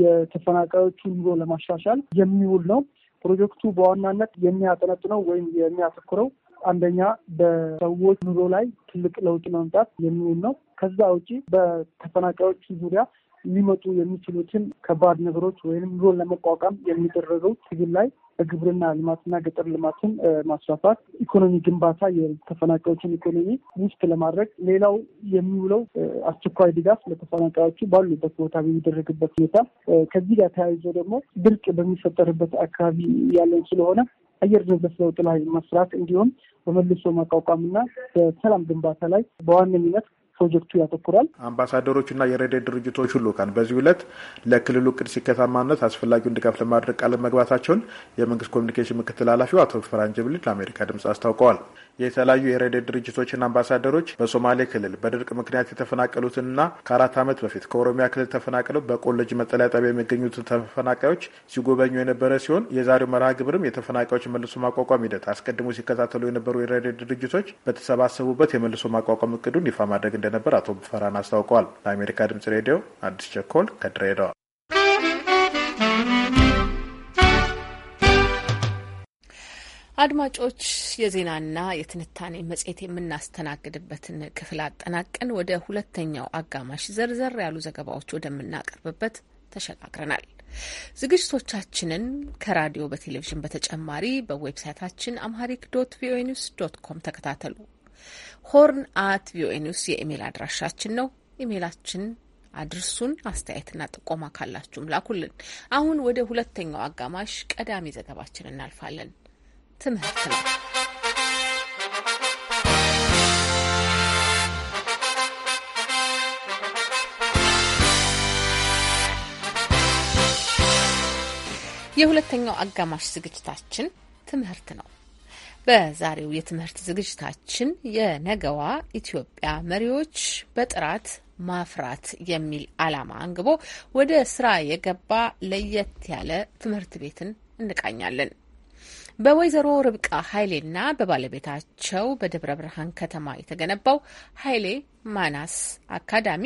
የተፈናቃዮቹን ኑሮ ለማሻሻል የሚውል ነው። ፕሮጀክቱ በዋናነት የሚያጠነጥነው ወይም የሚያተኩረው አንደኛ በሰዎች ኑሮ ላይ ትልቅ ለውጥ መምጣት የሚውል ነው። ከዛ ውጪ በተፈናቃዮች ዙሪያ ሊመጡ የሚችሉትን ከባድ ነገሮች ወይም ኑሮን ለመቋቋም የሚደረገው ትግል ላይ በግብርና ልማትና ገጠር ልማትን ማስፋፋት፣ ኢኮኖሚ ግንባታ፣ የተፈናቃዮችን ኢኮኖሚ ውስጥ ለማድረግ ሌላው የሚውለው አስቸኳይ ድጋፍ ለተፈናቃዮቹ ባሉበት ቦታ በሚደረግበት ሁኔታ ከዚህ ጋር ተያይዞ ደግሞ ድርቅ በሚፈጠርበት አካባቢ ያለን ስለሆነ አየር ንብረት ለውጥ ላይ መስራት እንዲሁም በመልሶ ማቋቋምና በሰላም ግንባታ ላይ በዋነኝነት ፕሮጀክቱ
ያተኩራል። አምባሳደሮቹና የረድኤት ድርጅቶች ልዑካን በዚህ ዕለት ለክልሉ ቅድ ስኬታማነት አስፈላጊውን ድጋፍ ለማድረግ ቃለ መግባታቸውን የመንግስት ኮሚኒኬሽን ምክትል ኃላፊው አቶ ፍራንጅብል ለአሜሪካ ድምጽ አስታውቀዋል። የተለያዩ የረድኤት ድርጅቶችና አምባሳደሮች በሶማሌ ክልል በድርቅ ምክንያት የተፈናቀሉትንና ከአራት ዓመት በፊት ከኦሮሚያ ክልል ተፈናቅለው በቆለጅ መጠለያ ጣቢያ የሚገኙትን ተፈናቃዮች ሲጎበኙ የነበረ ሲሆን የዛሬው መርሃ ግብርም የተፈናቃዮች መልሶ ማቋቋም ሂደት አስቀድሞ ሲከታተሉ የነበሩ የረድኤት ድርጅቶች በተሰባሰቡበት የመልሶ ማቋቋም እቅዱን ይፋ ማድረግ እንደነበር አቶ ፈራን አስታውቀዋል። ለአሜሪካ ድምጽ ሬዲዮ አዲስ ቸኮል ከድሬዳዋ
አድማጮች የዜናና የትንታኔ መጽሔት የምናስተናግድበትን ክፍል አጠናቀን ወደ ሁለተኛው አጋማሽ ዘርዘር ያሉ ዘገባዎች ወደምናቀርብበት ተሸጋግረናል። ዝግጅቶቻችንን ከራዲዮ በቴሌቪዥን በተጨማሪ በዌብሳይታችን አምሃሪክ ዶት ቪኦኤ ኒውስ ዶት ኮም ተከታተሉ። ሆርን አት ቪኦኤ ኒውስ የኢሜል አድራሻችን ነው። ኢሜላችን አድርሱን። አስተያየትና ጥቆማ ካላችሁም ላኩልን። አሁን ወደ ሁለተኛው አጋማሽ ቀዳሚ ዘገባችን እናልፋለን። ትምህርት ነው። የሁለተኛው አጋማሽ ዝግጅታችን ትምህርት ነው። በዛሬው የትምህርት ዝግጅታችን የነገዋ ኢትዮጵያ መሪዎች በጥራት ማፍራት የሚል ዓላማ አንግቦ ወደ ስራ የገባ ለየት ያለ ትምህርት ቤትን እንቃኛለን። በወይዘሮ ርብቃ ኃይሌና በባለቤታቸው በደብረ ብርሃን ከተማ የተገነባው ኃይሌ ማናስ አካዳሚ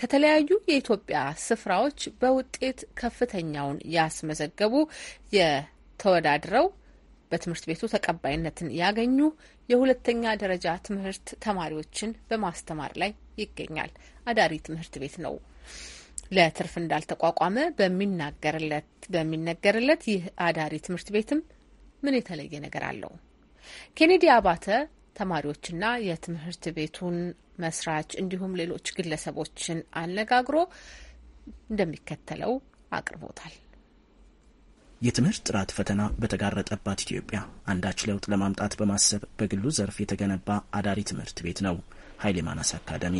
ከተለያዩ የኢትዮጵያ ስፍራዎች በውጤት ከፍተኛውን ያስመዘገቡ የተወዳድረው በትምህርት ቤቱ ተቀባይነትን ያገኙ የሁለተኛ ደረጃ ትምህርት ተማሪዎችን በማስተማር ላይ ይገኛል። አዳሪ ትምህርት ቤት ነው። ለትርፍ እንዳልተቋቋመ በሚናገርለት በሚነገርለት ይህ አዳሪ ትምህርት ቤትም ምን የተለየ ነገር አለው? ኬኔዲ አባተ ተማሪዎችና የትምህርት ቤቱን መስራች እንዲሁም ሌሎች ግለሰቦችን አነጋግሮ እንደሚከተለው አቅርቦታል።
የትምህርት ጥራት ፈተና በተጋረጠባት ኢትዮጵያ አንዳች ለውጥ ለማምጣት በማሰብ በግሉ ዘርፍ የተገነባ አዳሪ ትምህርት ቤት ነው ኃይሌ ማናስ አካደሚ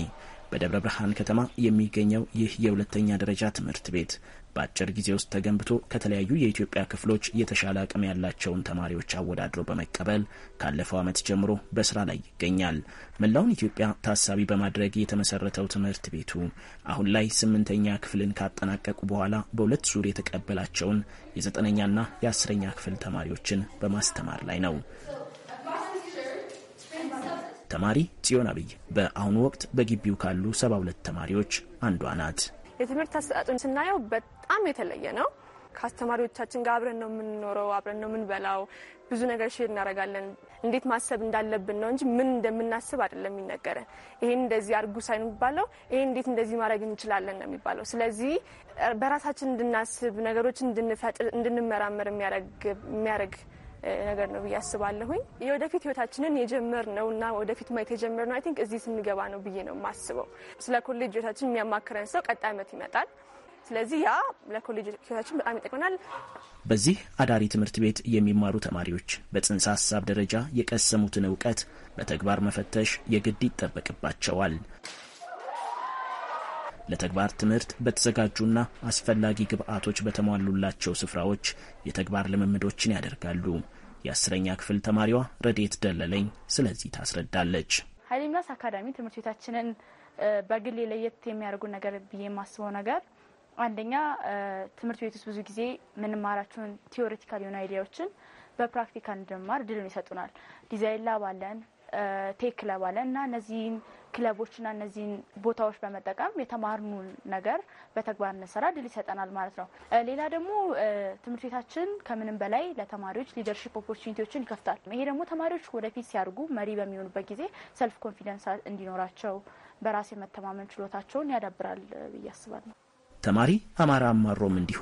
በደብረ ብርሃን ከተማ የሚገኘው ይህ የሁለተኛ ደረጃ ትምህርት ቤት በአጭር ጊዜ ውስጥ ተገንብቶ ከተለያዩ የኢትዮጵያ ክፍሎች የተሻለ አቅም ያላቸውን ተማሪዎች አወዳድሮ በመቀበል ካለፈው ዓመት ጀምሮ በስራ ላይ ይገኛል። መላውን ኢትዮጵያ ታሳቢ በማድረግ የተመሰረተው ትምህርት ቤቱ አሁን ላይ ስምንተኛ ክፍልን ካጠናቀቁ በኋላ በሁለት ዙር የተቀበላቸውን የዘጠነኛና የአስረኛ ክፍል ተማሪዎችን በማስተማር ላይ ነው። ተማሪ ጽዮን አብይ በአሁኑ ወቅት በግቢው ካሉ ሰባ ሁለት ተማሪዎች አንዷ ናት።
የትምህርት አሰጣጡን ስናየው በጣም የተለየ ነው። ከአስተማሪዎቻችን ጋር አብረን ነው የምንኖረው፣ አብረን ነው የምንበላው፣ ብዙ ነገር ሼር እናደርጋለን። እንዴት ማሰብ እንዳለብን ነው እንጂ ምን እንደምናስብ አይደለም የሚነገረን። ይሄን እንደዚህ አድርጉ ሳይ የሚባለው ይሄን እንዴት እንደዚህ ማድረግ እንችላለን ነው የሚባለው። ስለዚህ በራሳችን እንድናስብ ነገሮችን እንድንፈጥር እንድንመራመር የሚያደርግ ነገር ነው ብዬ አስባለሁኝ። የወደፊት ህይወታችንን ነው እና ወደፊት ማየት የጀመርነው አይ ቲንክ እዚህ ስንገባ ነው ብዬ ነው የማስበው። ስለ ኮሌጅ ህይወታችን የሚያማክረን ሰው ቀጣይ ዓመት ይመጣል። ስለዚህ ያ ለኮሌጅ ህይወታችን በጣም ይጠቅመናል።
በዚህ አዳሪ ትምህርት ቤት የሚማሩ ተማሪዎች በጽንሰ ሀሳብ ደረጃ የቀሰሙትን እውቀት በተግባር መፈተሽ የግድ ይጠበቅባቸዋል። ለተግባር ትምህርት በተዘጋጁና አስፈላጊ ግብዓቶች በተሟሉላቸው ስፍራዎች የተግባር ልምምዶችን ያደርጋሉ። የአስረኛ ክፍል ተማሪዋ ረዴት ደለለኝ ስለዚህ ታስረዳለች።
ሀይሌ አካዳሚ ትምህርት ቤታችንን በግሌ ለየት የሚያደርጉ ነገር ብዬ የማስበው ነገር አንደኛ ትምህርት ቤት ውስጥ ብዙ ጊዜ ምንማራቸውን ቲዎሬቲካል የሆኑ አይዲያዎችን በፕራክቲካ እንድንማር ድልን ይሰጡናል። ዲዛይን ላብ አለን፣ ቴክ ላብ አለን እና እነዚህን ክለቦችና እነዚህን ቦታዎች በመጠቀም የተማርኑን ነገር በተግባር እንሰራ ድል ይሰጠናል ማለት ነው። ሌላ ደግሞ ትምህርት ቤታችን ከምንም በላይ ለተማሪዎች ሊደርሽፕ ኦፖርቹኒቲዎችን ይከፍታል። ይሄ ደግሞ ተማሪዎች ወደፊት ሲያድጉ መሪ በሚሆኑበት ጊዜ ሰልፍ ኮንፊደንስ እንዲኖራቸው በራስ የመተማመን ችሎታቸውን ያዳብራል ብዬ አስባለሁ።
ተማሪ አማራ አማሮም እንዲሁ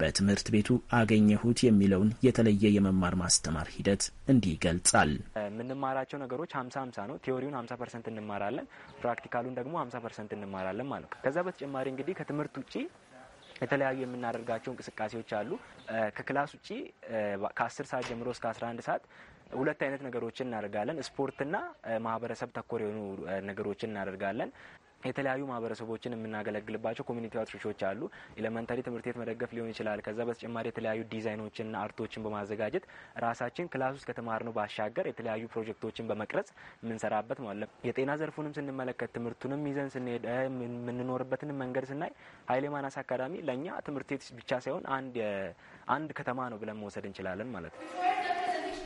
በትምህርት ቤቱ አገኘሁት የሚለውን የተለየ የመማር ማስተማር ሂደት እንዲህ ይገልጻል። የምንማራቸው ነገሮች ሀምሳ ሀምሳ ነው። ቴዎሪውን ሀምሳ ፐርሰንት እንማራለን፣ ፕራክቲካሉን ደግሞ ሀምሳ ፐርሰንት እንማራለን ማለት ነው። ከዛ በተጨማሪ እንግዲህ ከትምህርት ውጭ የተለያዩ የምናደርጋቸው እንቅስቃሴዎች አሉ። ከክላስ ውጭ ከአስር ሰዓት ጀምሮ እስከ አስራ አንድ ሰዓት ሁለት አይነት ነገሮችን እናደርጋለን። ስፖርትና ማህበረሰብ ተኮር የሆኑ ነገሮችን እናደርጋለን። የተለያዩ ማህበረሰቦችን የምናገለግልባቸው ኮሚኒቲ አውትሪቾች አሉ። ኤሌመንታሪ ትምህርት ቤት መደገፍ ሊሆን ይችላል። ከዛ በተጨማሪ የተለያዩ ዲዛይኖችንና አርቶችን በማዘጋጀት ራሳችን ክላስ ውስጥ ከተማርነው ባሻገር የተለያዩ ፕሮጀክቶችን በመቅረጽ የምንሰራበት ማለት የጤና ዘርፉንም ስንመለከት ትምህርቱንም ይዘን ስንሄድ የምንኖርበትን መንገድ ስናይ ሀይሌ ማናስ አካዳሚ ለእኛ ትምህርት ቤት ብቻ ሳይሆን አንድ ከተማ ነው ብለን መውሰድ እንችላለን ማለት ነው።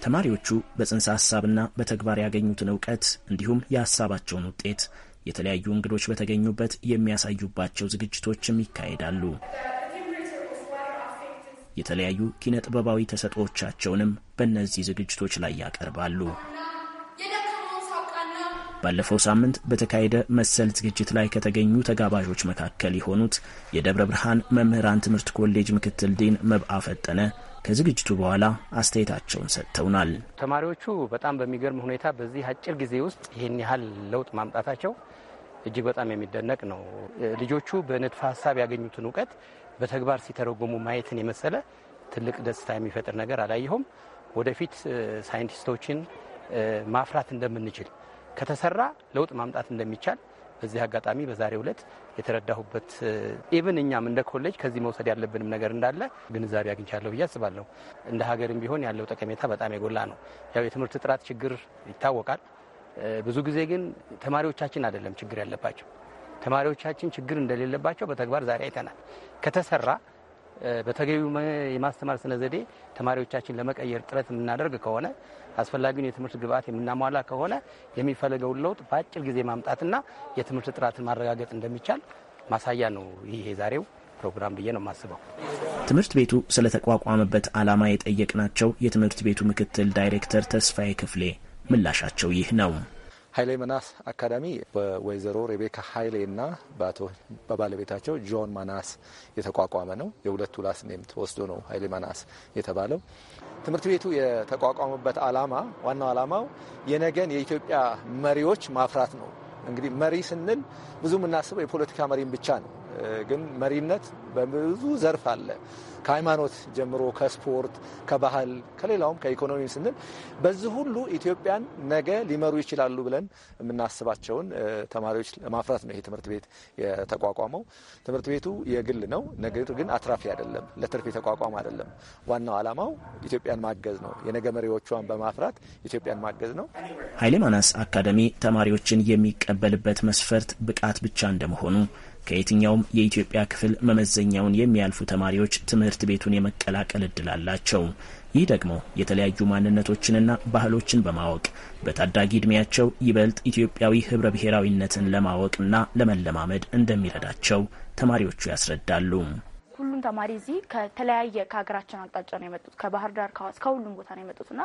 ተማሪዎቹ በጽንሰ ሀሳብና በተግባር ያገኙትን እውቀት እንዲሁም የሀሳባቸውን ውጤት የተለያዩ እንግዶች በተገኙበት የሚያሳዩባቸው ዝግጅቶችም ይካሄዳሉ። የተለያዩ ኪነ ጥበባዊ ተሰጥኦቻቸውንም በእነዚህ ዝግጅቶች ላይ ያቀርባሉ። ባለፈው ሳምንት በተካሄደ መሰል ዝግጅት ላይ ከተገኙ ተጋባዦች መካከል የሆኑት የደብረ ብርሃን መምህራን ትምህርት ኮሌጅ ምክትል ዲን መብአ ፈጠነ ከዝግጅቱ በኋላ አስተያየታቸውን ሰጥተውናል።
ተማሪዎቹ በጣም በሚገርም ሁኔታ በዚህ አጭር ጊዜ ውስጥ ይህን ያህል ለውጥ ማምጣታቸው እጅግ በጣም የሚደነቅ ነው። ልጆቹ በንድፈ ሀሳብ ያገኙትን እውቀት በተግባር ሲተረጎሙ ማየትን የመሰለ ትልቅ ደስታ የሚፈጥር ነገር አላየሁም። ወደፊት ሳይንቲስቶችን ማፍራት እንደምንችል ከተሰራ ለውጥ ማምጣት እንደሚቻል በዚህ አጋጣሚ በዛሬው ዕለት የተረዳሁበት ኢቭን እኛም እንደ ኮሌጅ ከዚህ መውሰድ ያለብንም ነገር እንዳለ ግንዛቤ አግኝቻለሁ ብዬ አስባለሁ። እንደ ሀገርም ቢሆን ያለው ጠቀሜታ በጣም የጎላ ነው። ያው የትምህርት ጥራት ችግር ይታወቃል። ብዙ ጊዜ ግን ተማሪዎቻችን አይደለም ችግር ያለባቸው። ተማሪዎቻችን ችግር እንደሌለባቸው በተግባር ዛሬ አይተናል። ከተሰራ በተገቢው የማስተማር ስነ ዘዴ ተማሪዎቻችን ለመቀየር ጥረት የምናደርግ ከሆነ አስፈላጊውን የትምህርት ግብዓት የምናሟላ ከሆነ የሚፈለገውን ለውጥ በአጭር ጊዜ ማምጣትና የትምህርት ጥራትን ማረጋገጥ እንደሚቻል ማሳያ ነው ይህ ዛሬው ፕሮግራም ብዬ ነው የማስበው።
ትምህርት ቤቱ ስለተቋቋመበት ዓላማ የጠየቅናቸው የትምህርት ቤቱ ምክትል ዳይሬክተር ተስፋዬ ክፍሌ ምላሻቸው ይህ ነው።
ኃይሌ መናስ አካዳሚ በወይዘሮ ሬቤካ ኃይሌ እና በአቶ በባለቤታቸው ጆን ማናስ የተቋቋመ ነው። የሁለቱ ላስ ኔም ተወስዶ ነው ኃይሌ መናስ የተባለው። ትምህርት ቤቱ የተቋቋመበት ዓላማ ዋናው ዓላማው የነገን የኢትዮጵያ መሪዎች ማፍራት ነው። እንግዲህ መሪ ስንል ብዙ የምናስበው የፖለቲካ መሪን ብቻ ነው። ግን መሪነት በብዙ ዘርፍ አለ። ከሃይማኖት ጀምሮ ከስፖርት፣ ከባህል፣ ከሌላውም ከኢኮኖሚ ስንል በዚህ ሁሉ ኢትዮጵያን ነገ ሊመሩ ይችላሉ ብለን የምናስባቸውን ተማሪዎች ለማፍራት ነው ይሄ ትምህርት ቤት የተቋቋመው። ትምህርት ቤቱ የግል ነው፣ ነገር ግን አትራፊ አይደለም፣ ለትርፍ የተቋቋመ አይደለም። ዋናው ዓላማው ኢትዮጵያን ማገዝ ነው። የነገ መሪዎቿን በማፍራት ኢትዮጵያን ማገዝ ነው።
ኃይሌ ማናስ አካደሚ ተማሪዎችን የሚቀበልበት መስፈርት ብቃት ብቻ እንደመሆኑ ከየትኛውም የኢትዮጵያ ክፍል መመዘኛውን የሚያልፉ ተማሪዎች ትምህርት ቤቱን የመቀላቀል እድል አላቸው። ይህ ደግሞ የተለያዩ ማንነቶችንና ባህሎችን በማወቅ በታዳጊ ዕድሜያቸው ይበልጥ ኢትዮጵያዊ ህብረ ብሔራዊነትን ለማወቅና ለመለማመድ እንደሚረዳቸው ተማሪዎቹ ያስረዳሉ።
ሁሉም ተማሪ እዚህ ከተለያየ ከሀገራችን አቅጣጫ ነው የመጡት። ከባህር ዳር፣ ከሁሉም ቦታ ነው የመጡት እና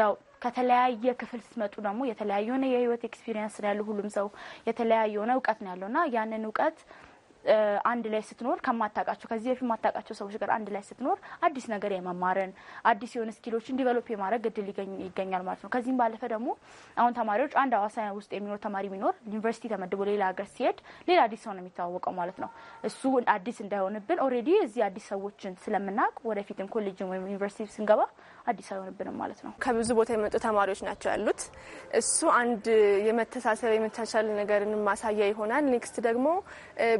ያው ከተለያየ ክፍል ስመጡ ደግሞ የተለያየ ሆነ የህይወት ኤክስፒሪየንስ ነው ያለው። ሁሉም ሰው የተለያየ ሆነ እውቀት ነው ያለው እና ያንን እውቀት አንድ ላይ ስትኖር ከማታውቃቸው ከዚህ በፊት የማታውቃቸው ሰዎች ጋር አንድ ላይ ስትኖር አዲስ ነገር የመማርን አዲስ የሆነ ስኪሎችን ዲቨሎፕ የማድረግ እድል ይገኛል ማለት ነው። ከዚህም ባለፈ ደግሞ አሁን ተማሪዎች አንድ ሀዋሳ ውስጥ የሚኖር ተማሪ ቢኖር ዩኒቨርሲቲ ተመድቦ ሌላ ሀገር ሲሄድ ሌላ አዲስ ሰው ነው የሚተዋወቀው ማለት ነው። እሱ አዲስ እንዳይሆንብን ኦልሬዲ እዚህ አዲስ ሰዎችን ስለምናውቅ
ወደፊትም ኮሌጅ ወይም ዩኒቨርሲቲ ስንገባ አዲስ አይሆንብንም ማለት ነው። ከብዙ ቦታ የመጡ ተማሪዎች ናቸው ያሉት። እሱ አንድ የመተሳሰብ የመቻቻል ነገርን ማሳያ ይሆናል። ኔክስት ደግሞ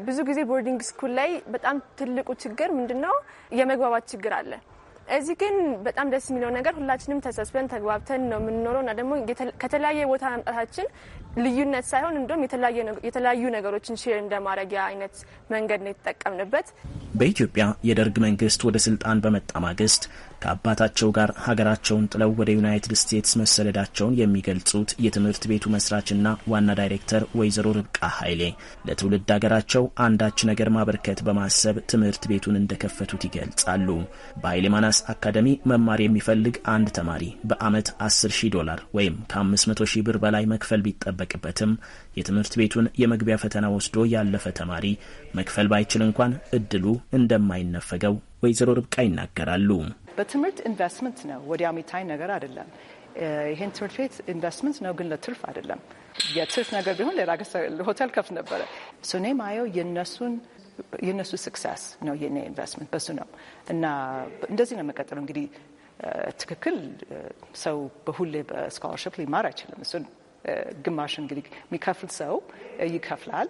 ብዙ ጊዜ ቦርዲንግ ስኩል ላይ በጣም ትልቁ ችግር ምንድን ነው? የመግባባት ችግር አለ። እዚህ ግን በጣም ደስ የሚለው ነገር ሁላችንም ተሰስበን ተግባብተን ነው የምንኖረው እና ደግሞ ከተለያየ ቦታ መምጣታችን ልዩነት ሳይሆን እንዲሁም የተለያዩ ነገሮችን ሼር እንደማድረግ አይነት መንገድ ነው የተጠቀምንበት።
በኢትዮጵያ የደርግ መንግስት ወደ ስልጣን በመጣ ማግስት ከአባታቸው ጋር ሀገራቸውን ጥለው ወደ ዩናይትድ ስቴትስ መሰደዳቸውን የሚገልጹት የትምህርት ቤቱ መስራችና ዋና ዳይሬክተር ወይዘሮ ርብቃ ኃይሌ ለትውልድ ሀገራቸው አንዳች ነገር ማበርከት በማሰብ ትምህርት ቤቱን እንደከፈቱት ይገልጻሉ። በኃይሌ ማናስ አካደሚ መማር የሚፈልግ አንድ ተማሪ በአመት 10 ሺህ ዶላር ወይም ከ500 ሺህ ብር በላይ መክፈል ቢጠበቅ ቢጠየቅበትም የትምህርት ቤቱን የመግቢያ ፈተና ወስዶ ያለፈ ተማሪ መክፈል ባይችል እንኳን እድሉ እንደማይነፈገው ወይዘሮ ርብቃ ይናገራሉ።
በትምህርት ኢንቨስትመንት ነው፣ ወዲያ የሚታይ ነገር አይደለም። ይህን ትምህርት ቤት ኢንቨስትመንት ነው፣ ግን ለትርፍ አይደለም። የትርፍ ነገር ቢሆን ሌላ ሆቴል ከፍት ነበረ። እሱ እኔ ማየው የነሱን የእነሱ ስክሰስ ነው የኔ ኢንቨስትመንት በሱ ነው እና እንደዚህ ነው የምቀጥለው። እንግዲህ ትክክል ሰው በሁሌ በስኮላርሽፕ ሊማር አይችልም። እሱን ግማሽ እንግዲህ የሚከፍል ሰው ይከፍላል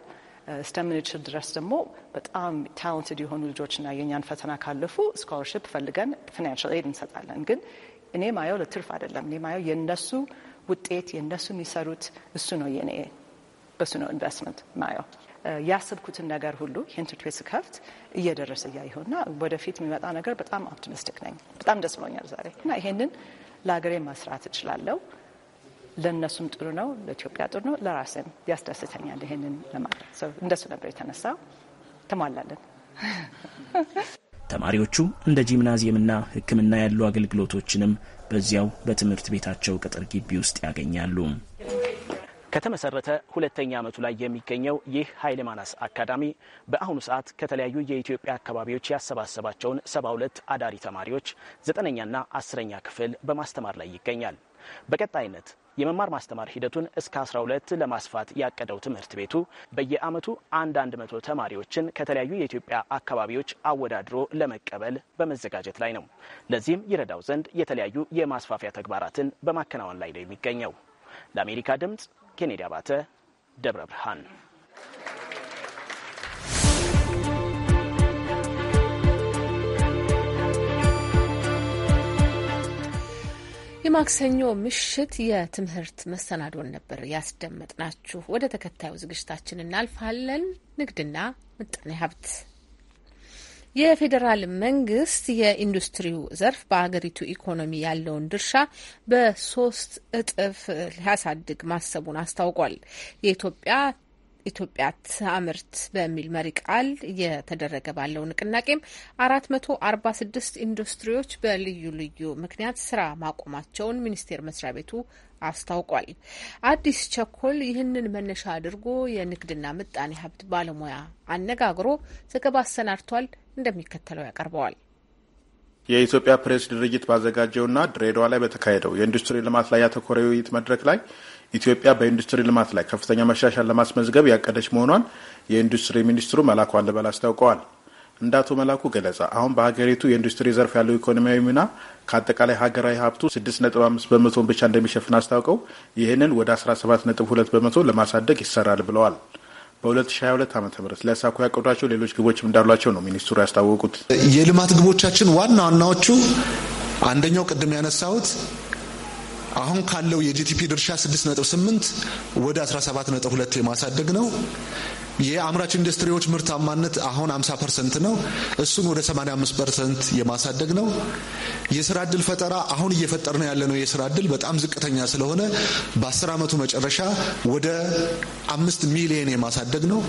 እስከምንችል ድረስ ደግሞ በጣም ታለንትድ የሆኑ ልጆችና የእኛን ፈተና ካለፉ ስኮላርሽፕ ፈልገን ፋይናንሻል ኤድ እንሰጣለን። ግን እኔ ማየው ለትርፍ አይደለም። እኔ ማየው የእነሱ ውጤት የእነሱ የሚሰሩት እሱ ነው የኔ በሱ ነው ኢንቨስትመንት ማየው ያሰብኩትን ነገር ሁሉ ይህን ትምህርት ቤት ስከፍት እየደረሰ እያየሁና ወደፊት የሚመጣ ነገር በጣም ኦፕቲሚስቲክ ነኝ። በጣም ደስ ብሎኛል ዛሬ እና ይሄንን ለሀገሬ መስራት እችላለሁ። ለእነሱም ጥሩ ነው፣ ለኢትዮጵያ ጥሩ ነው፣ ለራሴም ያስደስተኛል። ይሄንን ለማድረግ እንደሱ ነበር የተነሳ ተሟላለን።
ተማሪዎቹ እንደ ጂምናዚየምና ሕክምና ያሉ አገልግሎቶችንም በዚያው በትምህርት ቤታቸው ቅጥር ግቢ ውስጥ ያገኛሉ። ከተመሰረተ ሁለተኛ ዓመቱ ላይ የሚገኘው ይህ ኃይለ አካዳሚ በአሁኑ ሰዓት ከተለያዩ የኢትዮጵያ አካባቢዎች ያሰባሰባቸውን ሰባ ሁለት አዳሪ ተማሪዎች ዘጠነኛና አስረኛ ክፍል በማስተማር ላይ ይገኛል። በቀጣይነት የመማር ማስተማር ሂደቱን እስከ 12 ለማስፋት ያቀደው ትምህርት ቤቱ በየዓመቱ አንዳንድ መቶ ተማሪዎችን ከተለያዩ የኢትዮጵያ አካባቢዎች አወዳድሮ ለመቀበል በመዘጋጀት ላይ ነው። ለዚህም ይረዳው ዘንድ የተለያዩ የማስፋፊያ ተግባራትን በማከናወን ላይ ነው የሚገኘው። ለአሜሪካ ድምፅ ኬኔዲ አባተ ደብረ ብርሃን
የማክሰኞ ምሽት የትምህርት መሰናዶን ነበር ያስደመጥናችሁ። ወደ ተከታዩ ዝግጅታችን እናልፋለን። ንግድና ምጣኔ ሀብት የፌዴራል መንግስት የኢንዱስትሪው ዘርፍ በሀገሪቱ ኢኮኖሚ ያለውን ድርሻ በሶስት እጥፍ ሊያሳድግ ማሰቡን አስታውቋል። የኢትዮጵያ ኢትዮጵያ ታምርት በሚል መሪ ቃል እየተደረገ ባለው ንቅናቄም አራት መቶ አርባ ስድስት ኢንዱስትሪዎች በልዩ ልዩ ምክንያት ስራ ማቆማቸውን ሚኒስቴር መስሪያ ቤቱ አስታውቋል። አዲስ ቸኮል ይህንን መነሻ አድርጎ የንግድና ምጣኔ ሀብት ባለሙያ አነጋግሮ ዘገባ አሰናድቷል። እንደሚከተለው ያቀርበዋል።
የኢትዮጵያ ፕሬስ ድርጅት ባዘጋጀውና ድሬዳዋ ላይ በተካሄደው የኢንዱስትሪ ልማት ላይ ያተኮረ ውይይት መድረክ ላይ ኢትዮጵያ በኢንዱስትሪ ልማት ላይ ከፍተኛ መሻሻል ለማስመዝገብ ያቀደች መሆኗን የኢንዱስትሪ ሚኒስትሩ መላኩ አለበል አስታውቀዋል። እንደ አቶ መላኩ ገለጻ አሁን በሀገሪቱ የኢንዱስትሪ ዘርፍ ያለው ኢኮኖሚያዊ ሚና ከአጠቃላይ ሀገራዊ ሀብቱ 6.5 በመቶን ብቻ እንደሚሸፍን አስታውቀው ይህንን ወደ 17.2 በመቶ ለማሳደግ ይሰራል ብለዋል። በ2022 ዓ ም ለሳኩ ያቀዷቸው ሌሎች ግቦችም እንዳሏቸው ነው ሚኒስትሩ ያስታወቁት። የልማት
ግቦቻችን ዋና ዋናዎቹ አንደኛው ቅድም ያነሳሁት አሁን ካለው የጂቲፒ ድርሻ 6.8 ወደ 17.2 የማሳደግ ነው። የአምራች ኢንዱስትሪዎች ምርታማነት አሁን 50 ፐርሰንት ነው። እሱን ወደ 85 ፐርሰንት የማሳደግ ነው። የስራ እድል ፈጠራ አሁን እየፈጠር ነው ያለነው የስራ እድል በጣም ዝቅተኛ ስለሆነ በ10 ዓመቱ መጨረሻ ወደ አምስት ሚሊየን የማሳደግ ነው።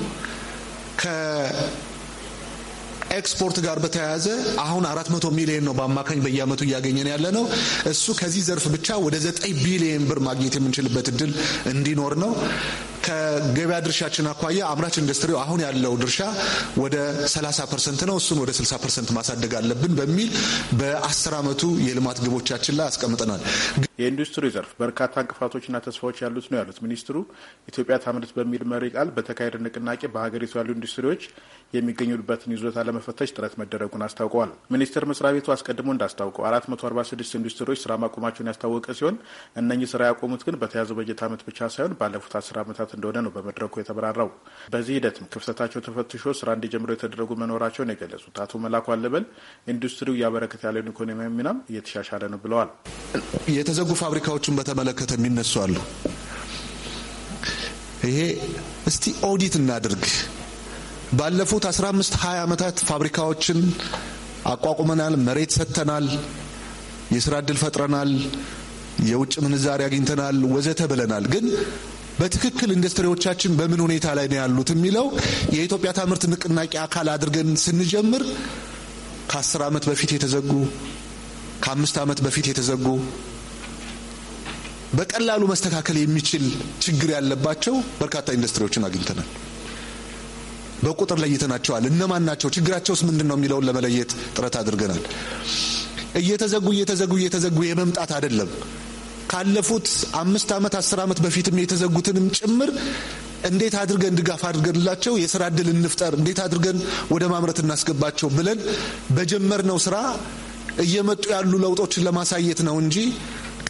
ኤክስፖርት ጋር በተያያዘ አሁን 400 ሚሊዮን ነው በአማካኝ በየአመቱ እያገኘን ያለ ነው። እሱ ከዚህ ዘርፍ ብቻ ወደ 9 ቢሊዮን ብር ማግኘት የምንችልበት እድል እንዲኖር ነው። ከገበያ ድርሻችን አኳያ አምራች ኢንዱስትሪው አሁን ያለው ድርሻ ወደ 30 ፐርሰንት ነው። እሱን ወደ 60 ፐርሰንት ማሳደግ አለብን በሚል በአስር አመቱ የልማት ግቦቻችን ላይ አስቀምጠናል። የኢንዱስትሪ ዘርፍ በርካታ እንቅፋቶችና
ተስፋዎች ያሉት ነው ያሉት ሚኒስትሩ ኢትዮጵያ ታምርት በሚል መሪ ቃል በተካሄደ ንቅናቄ በሀገሪቱ ያሉ ኢንዱስትሪዎች የሚገኙበትን ይዞታ ለመፈተሽ ጥረት መደረጉን አስታውቀዋል። ሚኒስቴር መስሪያ ቤቱ አስቀድሞ እንዳስታውቀው 446 ኢንዱስትሪዎች ስራ ማቆማቸውን ያስታወቀ ሲሆን እነኚህ ስራ ያቆሙት ግን በተያዘው በጀት ዓመት ብቻ ሳይሆን ባለፉት አስር ዓመታት እንደሆነ ነው በመድረኩ የተብራራው። በዚህ ሂደትም ክፍተታቸው ተፈትሾ ስራ እንዲጀምረው የተደረጉ መኖራቸውን የገለጹት አቶ መላኩ አለበል ኢንዱስትሪው እያበረከተ ያለውን ኢኮኖሚያዊ ሚናም እየተሻሻለ ነው ብለዋል።
የተዘጉ ፋብሪካዎችን በተመለከተ የሚነሱ አሉ። ይሄ እስቲ ኦዲት እናድርግ። ባለፉት 15 20 ዓመታት ፋብሪካዎችን አቋቁመናል፣ መሬት ሰጥተናል፣ የስራ እድል ፈጥረናል፣ የውጭ ምንዛሪ አግኝተናል፣ ወዘተ ብለናል። ግን በትክክል ኢንዱስትሪዎቻችን በምን ሁኔታ ላይ ነው ያሉት የሚለው የኢትዮጵያ ታምርት ንቅናቄ አካል አድርገን ስንጀምር ከ10 ዓመት በፊት የተዘጉ ከአምስት ዓመት በፊት የተዘጉ በቀላሉ መስተካከል የሚችል ችግር ያለባቸው በርካታ ኢንዱስትሪዎችን አግኝተናል። በቁጥር ለይተናቸዋል። እነማን ናቸው? ችግራቸውስ ምንድን ነው የሚለውን ለመለየት ጥረት አድርገናል። እየተዘጉ እየተዘጉ እየተዘጉ የመምጣት አይደለም ካለፉት አምስት ዓመት አስር ዓመት በፊትም የተዘጉትንም ጭምር እንዴት አድርገን ድጋፍ አድርገንላቸው የስራ እድል እንፍጠር፣ እንዴት አድርገን ወደ ማምረት እናስገባቸው ብለን በጀመርነው ስራ እየመጡ ያሉ ለውጦችን ለማሳየት ነው እንጂ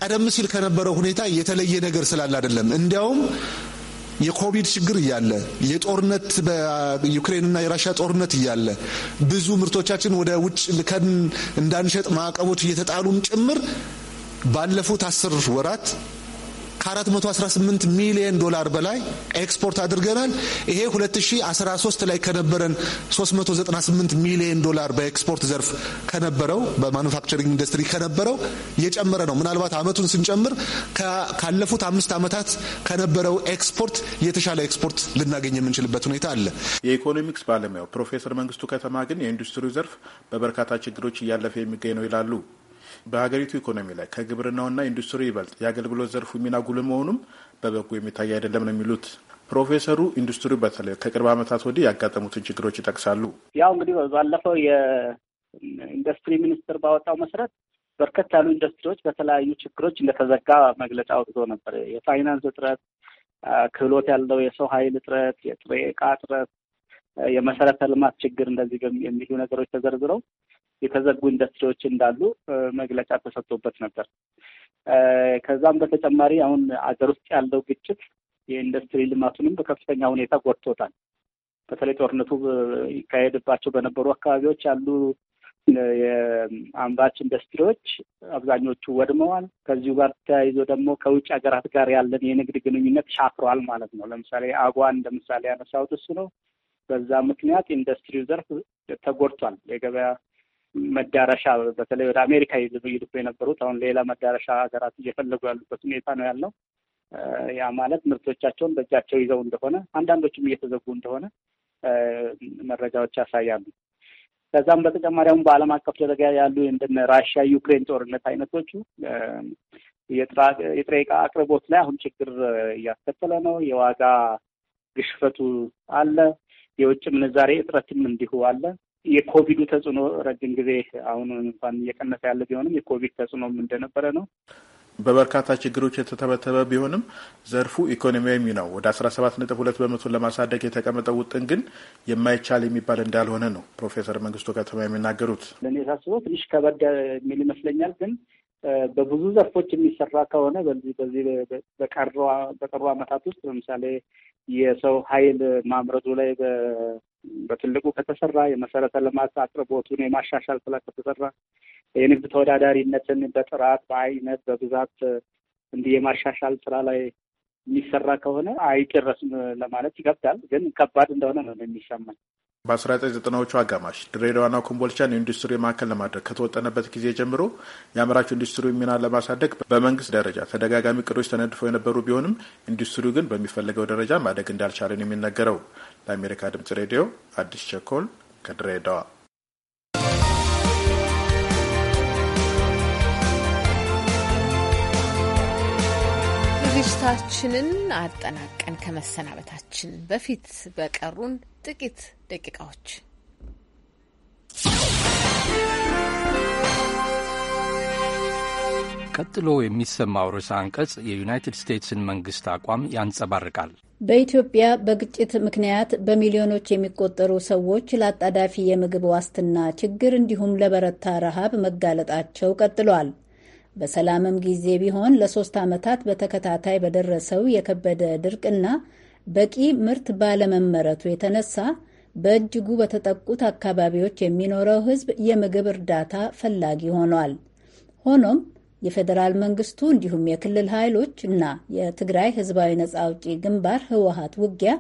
ቀደም ሲል ከነበረው ሁኔታ የተለየ ነገር ስላለ አይደለም። እንዲያውም የኮቪድ ችግር እያለ የጦርነት በዩክሬንና የራሽያ ጦርነት እያለ ብዙ ምርቶቻችን ወደ ውጭ ልከን እንዳንሸጥ ማዕቀቦች እየተጣሉም ጭምር ባለፉት አስር ወራት ከ418 ሚሊዮን ዶላር በላይ ኤክስፖርት አድርገናል። ይሄ 2013 ላይ ከነበረን 398 ሚሊዮን ዶላር በኤክስፖርት ዘርፍ ከነበረው በማኑፋክቸሪንግ ኢንዱስትሪ ከነበረው የጨመረ ነው። ምናልባት አመቱን ስንጨምር ካለፉት አምስት አመታት ከነበረው ኤክስፖርት የተሻለ ኤክስፖርት ልናገኝ የምንችልበት ሁኔታ አለ።
የኢኮኖሚክስ ባለሙያው ፕሮፌሰር መንግስቱ ከተማ ግን የኢንዱስትሪው ዘርፍ በበርካታ ችግሮች እያለፈ የሚገኝ ነው ይላሉ። በሀገሪቱ ኢኮኖሚ ላይ ከግብርናውና ኢንዱስትሪ ይበልጥ የአገልግሎት ዘርፉ ሚና ጉልህ መሆኑም በበጎ የሚታይ አይደለም ነው የሚሉት ፕሮፌሰሩ። ኢንዱስትሪው በተለይ ከቅርብ ዓመታት ወዲህ ያጋጠሙትን ችግሮች ይጠቅሳሉ።
ያው እንግዲህ ባለፈው የኢንዱስትሪ ሚኒስቴር ባወጣው መሰረት በርከት ያሉ ኢንዱስትሪዎች በተለያዩ ችግሮች እንደተዘጋ መግለጫ አውጥቶ ነበር። የፋይናንስ እጥረት፣ ክህሎት ያለው የሰው ኃይል እጥረት፣ የጥሬ እቃ እጥረት የመሰረተ ልማት ችግር እንደዚህ የሚሉ ነገሮች ተዘርዝረው የተዘጉ ኢንዱስትሪዎች እንዳሉ መግለጫ ተሰጥቶበት ነበር። ከዛም በተጨማሪ አሁን አገር ውስጥ ያለው ግጭት የኢንዱስትሪ ልማቱንም በከፍተኛ ሁኔታ ጎድቶታል። በተለይ ጦርነቱ ይካሄድባቸው በነበሩ አካባቢዎች ያሉ የአምራች ኢንዱስትሪዎች አብዛኞቹ ወድመዋል። ከዚሁ ጋር ተያይዞ ደግሞ ከውጭ ሀገራት ጋር ያለን የንግድ ግንኙነት ሻክሯል ማለት ነው። ለምሳሌ አጓ እንደ ምሳሌ ያነሳሁት እሱ ነው። በዛ ምክንያት ኢንዱስትሪው ዘርፍ ተጎድቷል። የገበያ መዳረሻ በተለይ ወደ አሜሪካ ይልኩ የነበሩት አሁን ሌላ መዳረሻ ሀገራት እየፈለጉ ያሉበት ሁኔታ ነው ያለው። ያ ማለት ምርቶቻቸውን በእጃቸው ይዘው እንደሆነ አንዳንዶችም እየተዘጉ እንደሆነ መረጃዎች ያሳያሉ። ከዛም በተጨማሪ አሁን በዓለም አቀፍ ደረጃ ያሉ እንደነ ራሽያ ዩክሬን ጦርነት አይነቶቹ የጥሬ ዕቃ አቅርቦት ላይ አሁን ችግር እያስከተለ ነው። የዋጋ ግሽፈቱ አለ። የውጭ ምንዛሬ እጥረትም እንዲሁ አለ። የኮቪዱ ተጽዕኖ ረጅም ጊዜ አሁን እንኳን እየቀነሰ ያለ ቢሆንም የኮቪድ ተጽዕኖም እንደነበረ ነው።
በበርካታ ችግሮች የተተበተበ ቢሆንም ዘርፉ ኢኮኖሚያዊ ሚናው ወደ 17.2 በመቶ ለማሳደግ የተቀመጠው ውጥን ግን የማይቻል የሚባል እንዳልሆነ ነው ፕሮፌሰር መንግስቱ ከተማ የሚናገሩት።
ለእኔ ሳስበው ትንሽ ከበድ የሚል ይመስለኛል። ግን በብዙ ዘርፎች የሚሰራ ከሆነ በዚህ በዚህ በቀሩ ዓመታት ውስጥ ለምሳሌ የሰው ኃይል ማምረቱ ላይ በትልቁ ከተሰራ የመሰረተ ልማት አቅርቦቱን የማሻሻል ስራ ከተሰራ የንግድ ተወዳዳሪነትን በጥራት በአይነት በብዛት እንዲህ የማሻሻል ስራ ላይ የሚሰራ ከሆነ አይጨረስም ለማለት ይከብዳል፣ ግን ከባድ እንደሆነ ነው የሚሰማኝ።
በአስራ ዘጠኝ ዘጠናዎቹ አጋማሽ ድሬዳዋና ኮምቦልቻን የኢንዱስትሪ ማዕከል ለማድረግ ከተወጠነበት ጊዜ ጀምሮ የአምራቹ ኢንዱስትሪ ሚና ለማሳደግ በመንግስት ደረጃ ተደጋጋሚ ቅዶች ተነድፈው የነበሩ ቢሆንም ኢንዱስትሪው ግን በሚፈለገው ደረጃ ማደግ እንዳልቻለ ነው የሚነገረው። ለአሜሪካ ድምጽ ሬዲዮ አዲስ ቸኮል ከድሬዳዋ።
ዝግጅታችንን አጠናቀን ከመሰናበታችን በፊት በቀሩን ጥቂት ደቂቃዎች
ቀጥሎ የሚሰማው ርዕሰ አንቀጽ የዩናይትድ ስቴትስን መንግስት አቋም ያንጸባርቃል።
በኢትዮጵያ በግጭት ምክንያት በሚሊዮኖች የሚቆጠሩ ሰዎች ለአጣዳፊ የምግብ ዋስትና ችግር እንዲሁም ለበረታ ረሃብ መጋለጣቸው ቀጥሏል። በሰላምም ጊዜ ቢሆን ለሶስት ዓመታት በተከታታይ በደረሰው የከበደ ድርቅና በቂ ምርት ባለመመረቱ የተነሳ በእጅጉ በተጠቁት አካባቢዎች የሚኖረው ሕዝብ የምግብ እርዳታ ፈላጊ ሆኗል። ሆኖም የፌዴራል መንግስቱ እንዲሁም የክልል ኃይሎች እና የትግራይ ህዝባዊ ነጻ አውጪ ግንባር ህወሀት ውጊያ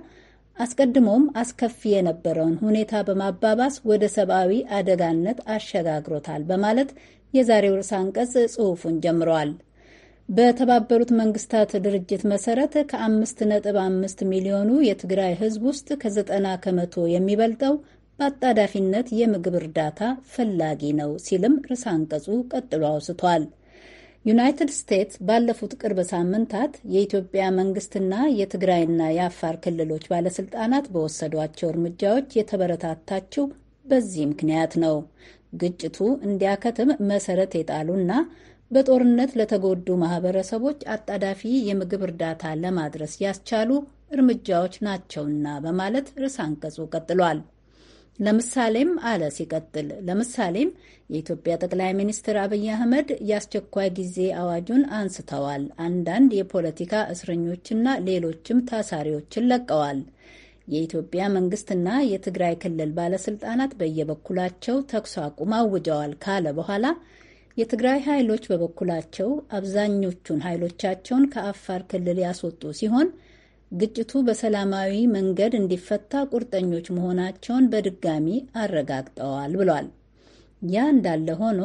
አስቀድሞም አስከፊ የነበረውን ሁኔታ በማባባስ ወደ ሰብአዊ አደጋነት አሸጋግሮታል በማለት የዛሬው ርዕሰ አንቀጽ ጽሑፉን ጀምረዋል። በተባበሩት መንግስታት ድርጅት መሰረት ከ5.5 ሚሊዮኑ የትግራይ ህዝብ ውስጥ ከ90 ከመቶ የሚበልጠው በአጣዳፊነት የምግብ እርዳታ ፈላጊ ነው ሲልም ርዕሰ አንቀጹ ቀጥሎ አውስቷል። ዩናይትድ ስቴትስ ባለፉት ቅርብ ሳምንታት የኢትዮጵያ መንግስትና የትግራይና የአፋር ክልሎች ባለስልጣናት በወሰዷቸው እርምጃዎች የተበረታታችው በዚህ ምክንያት ነው። ግጭቱ እንዲያከትም መሰረት የጣሉና በጦርነት ለተጎዱ ማህበረሰቦች አጣዳፊ የምግብ እርዳታ ለማድረስ ያስቻሉ እርምጃዎች ናቸውና በማለት ርዕሰ አንቀጹ ቀጥሏል። ለምሳሌም አለ ሲቀጥል ለምሳሌም የኢትዮጵያ ጠቅላይ ሚኒስትር አብይ አህመድ የአስቸኳይ ጊዜ አዋጁን አንስተዋል። አንዳንድ የፖለቲካ እስረኞችና ሌሎችም ታሳሪዎችን ለቀዋል። የኢትዮጵያ መንግስትና የትግራይ ክልል ባለስልጣናት በየበኩላቸው ተኩስ አቁም አውጀዋል ካለ በኋላ የትግራይ ኃይሎች በበኩላቸው አብዛኞቹን ኃይሎቻቸውን ከአፋር ክልል ያስወጡ ሲሆን ግጭቱ በሰላማዊ መንገድ እንዲፈታ ቁርጠኞች መሆናቸውን በድጋሚ አረጋግጠዋል ብሏል። ያ እንዳለ ሆኖ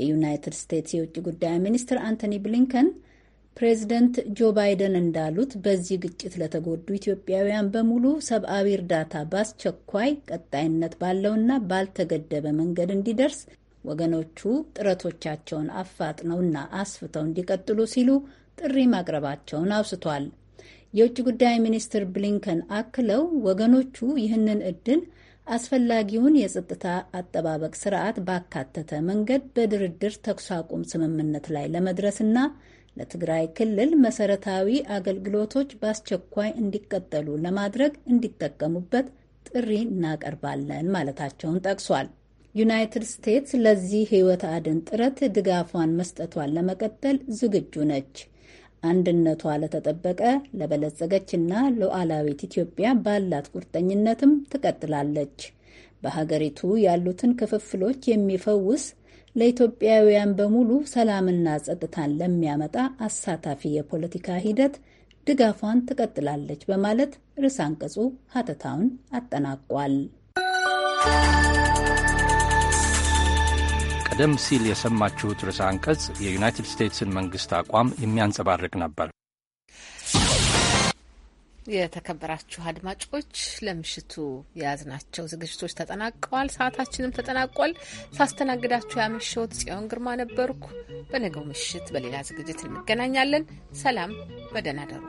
የዩናይትድ ስቴትስ የውጭ ጉዳይ ሚኒስትር አንቶኒ ብሊንከን ፕሬዚደንት ጆ ባይደን እንዳሉት በዚህ ግጭት ለተጎዱ ኢትዮጵያውያን በሙሉ ሰብአዊ እርዳታ በአስቸኳይ ቀጣይነት ባለውና ባልተገደበ መንገድ እንዲደርስ ወገኖቹ ጥረቶቻቸውን አፋጥነውና አስፍተው እንዲቀጥሉ ሲሉ ጥሪ ማቅረባቸውን አውስቷል። የውጭ ጉዳይ ሚኒስትር ብሊንከን አክለው ወገኖቹ ይህንን እድል አስፈላጊውን የጸጥታ አጠባበቅ ስርዓት ባካተተ መንገድ በድርድር ተኩስ አቁም ስምምነት ላይ ለመድረስና ለትግራይ ክልል መሰረታዊ አገልግሎቶች በአስቸኳይ እንዲቀጠሉ ለማድረግ እንዲጠቀሙበት ጥሪ እናቀርባለን ማለታቸውን ጠቅሷል። ዩናይትድ ስቴትስ ለዚህ ሕይወት አድን ጥረት ድጋፏን መስጠቷን ለመቀጠል ዝግጁ ነች። አንድነቷ ለተጠበቀ ለበለጸገችና ሉዓላዊት ኢትዮጵያ ባላት ቁርጠኝነትም ትቀጥላለች። በሀገሪቱ ያሉትን ክፍፍሎች የሚፈውስ ለኢትዮጵያውያን በሙሉ ሰላምና ጸጥታን ለሚያመጣ አሳታፊ የፖለቲካ ሂደት ድጋፏን ትቀጥላለች በማለት ርዕሰ አንቀጹ ሀተታውን አጠናቋል።
ቀደም ሲል የሰማችሁት ርዕሰ አንቀጽ የዩናይትድ ስቴትስን መንግስት አቋም የሚያንጸባርቅ ነበር።
የተከበራችሁ አድማጮች ለምሽቱ የያዝናቸው ዝግጅቶች ተጠናቀዋል። ሰዓታችንም ተጠናቋል። ሳስተናግዳችሁ ያመሸሁት ጽዮን ግርማ ነበርኩ። በነገው ምሽት በሌላ ዝግጅት እንገናኛለን። ሰላም፣ በደህና ደሩ።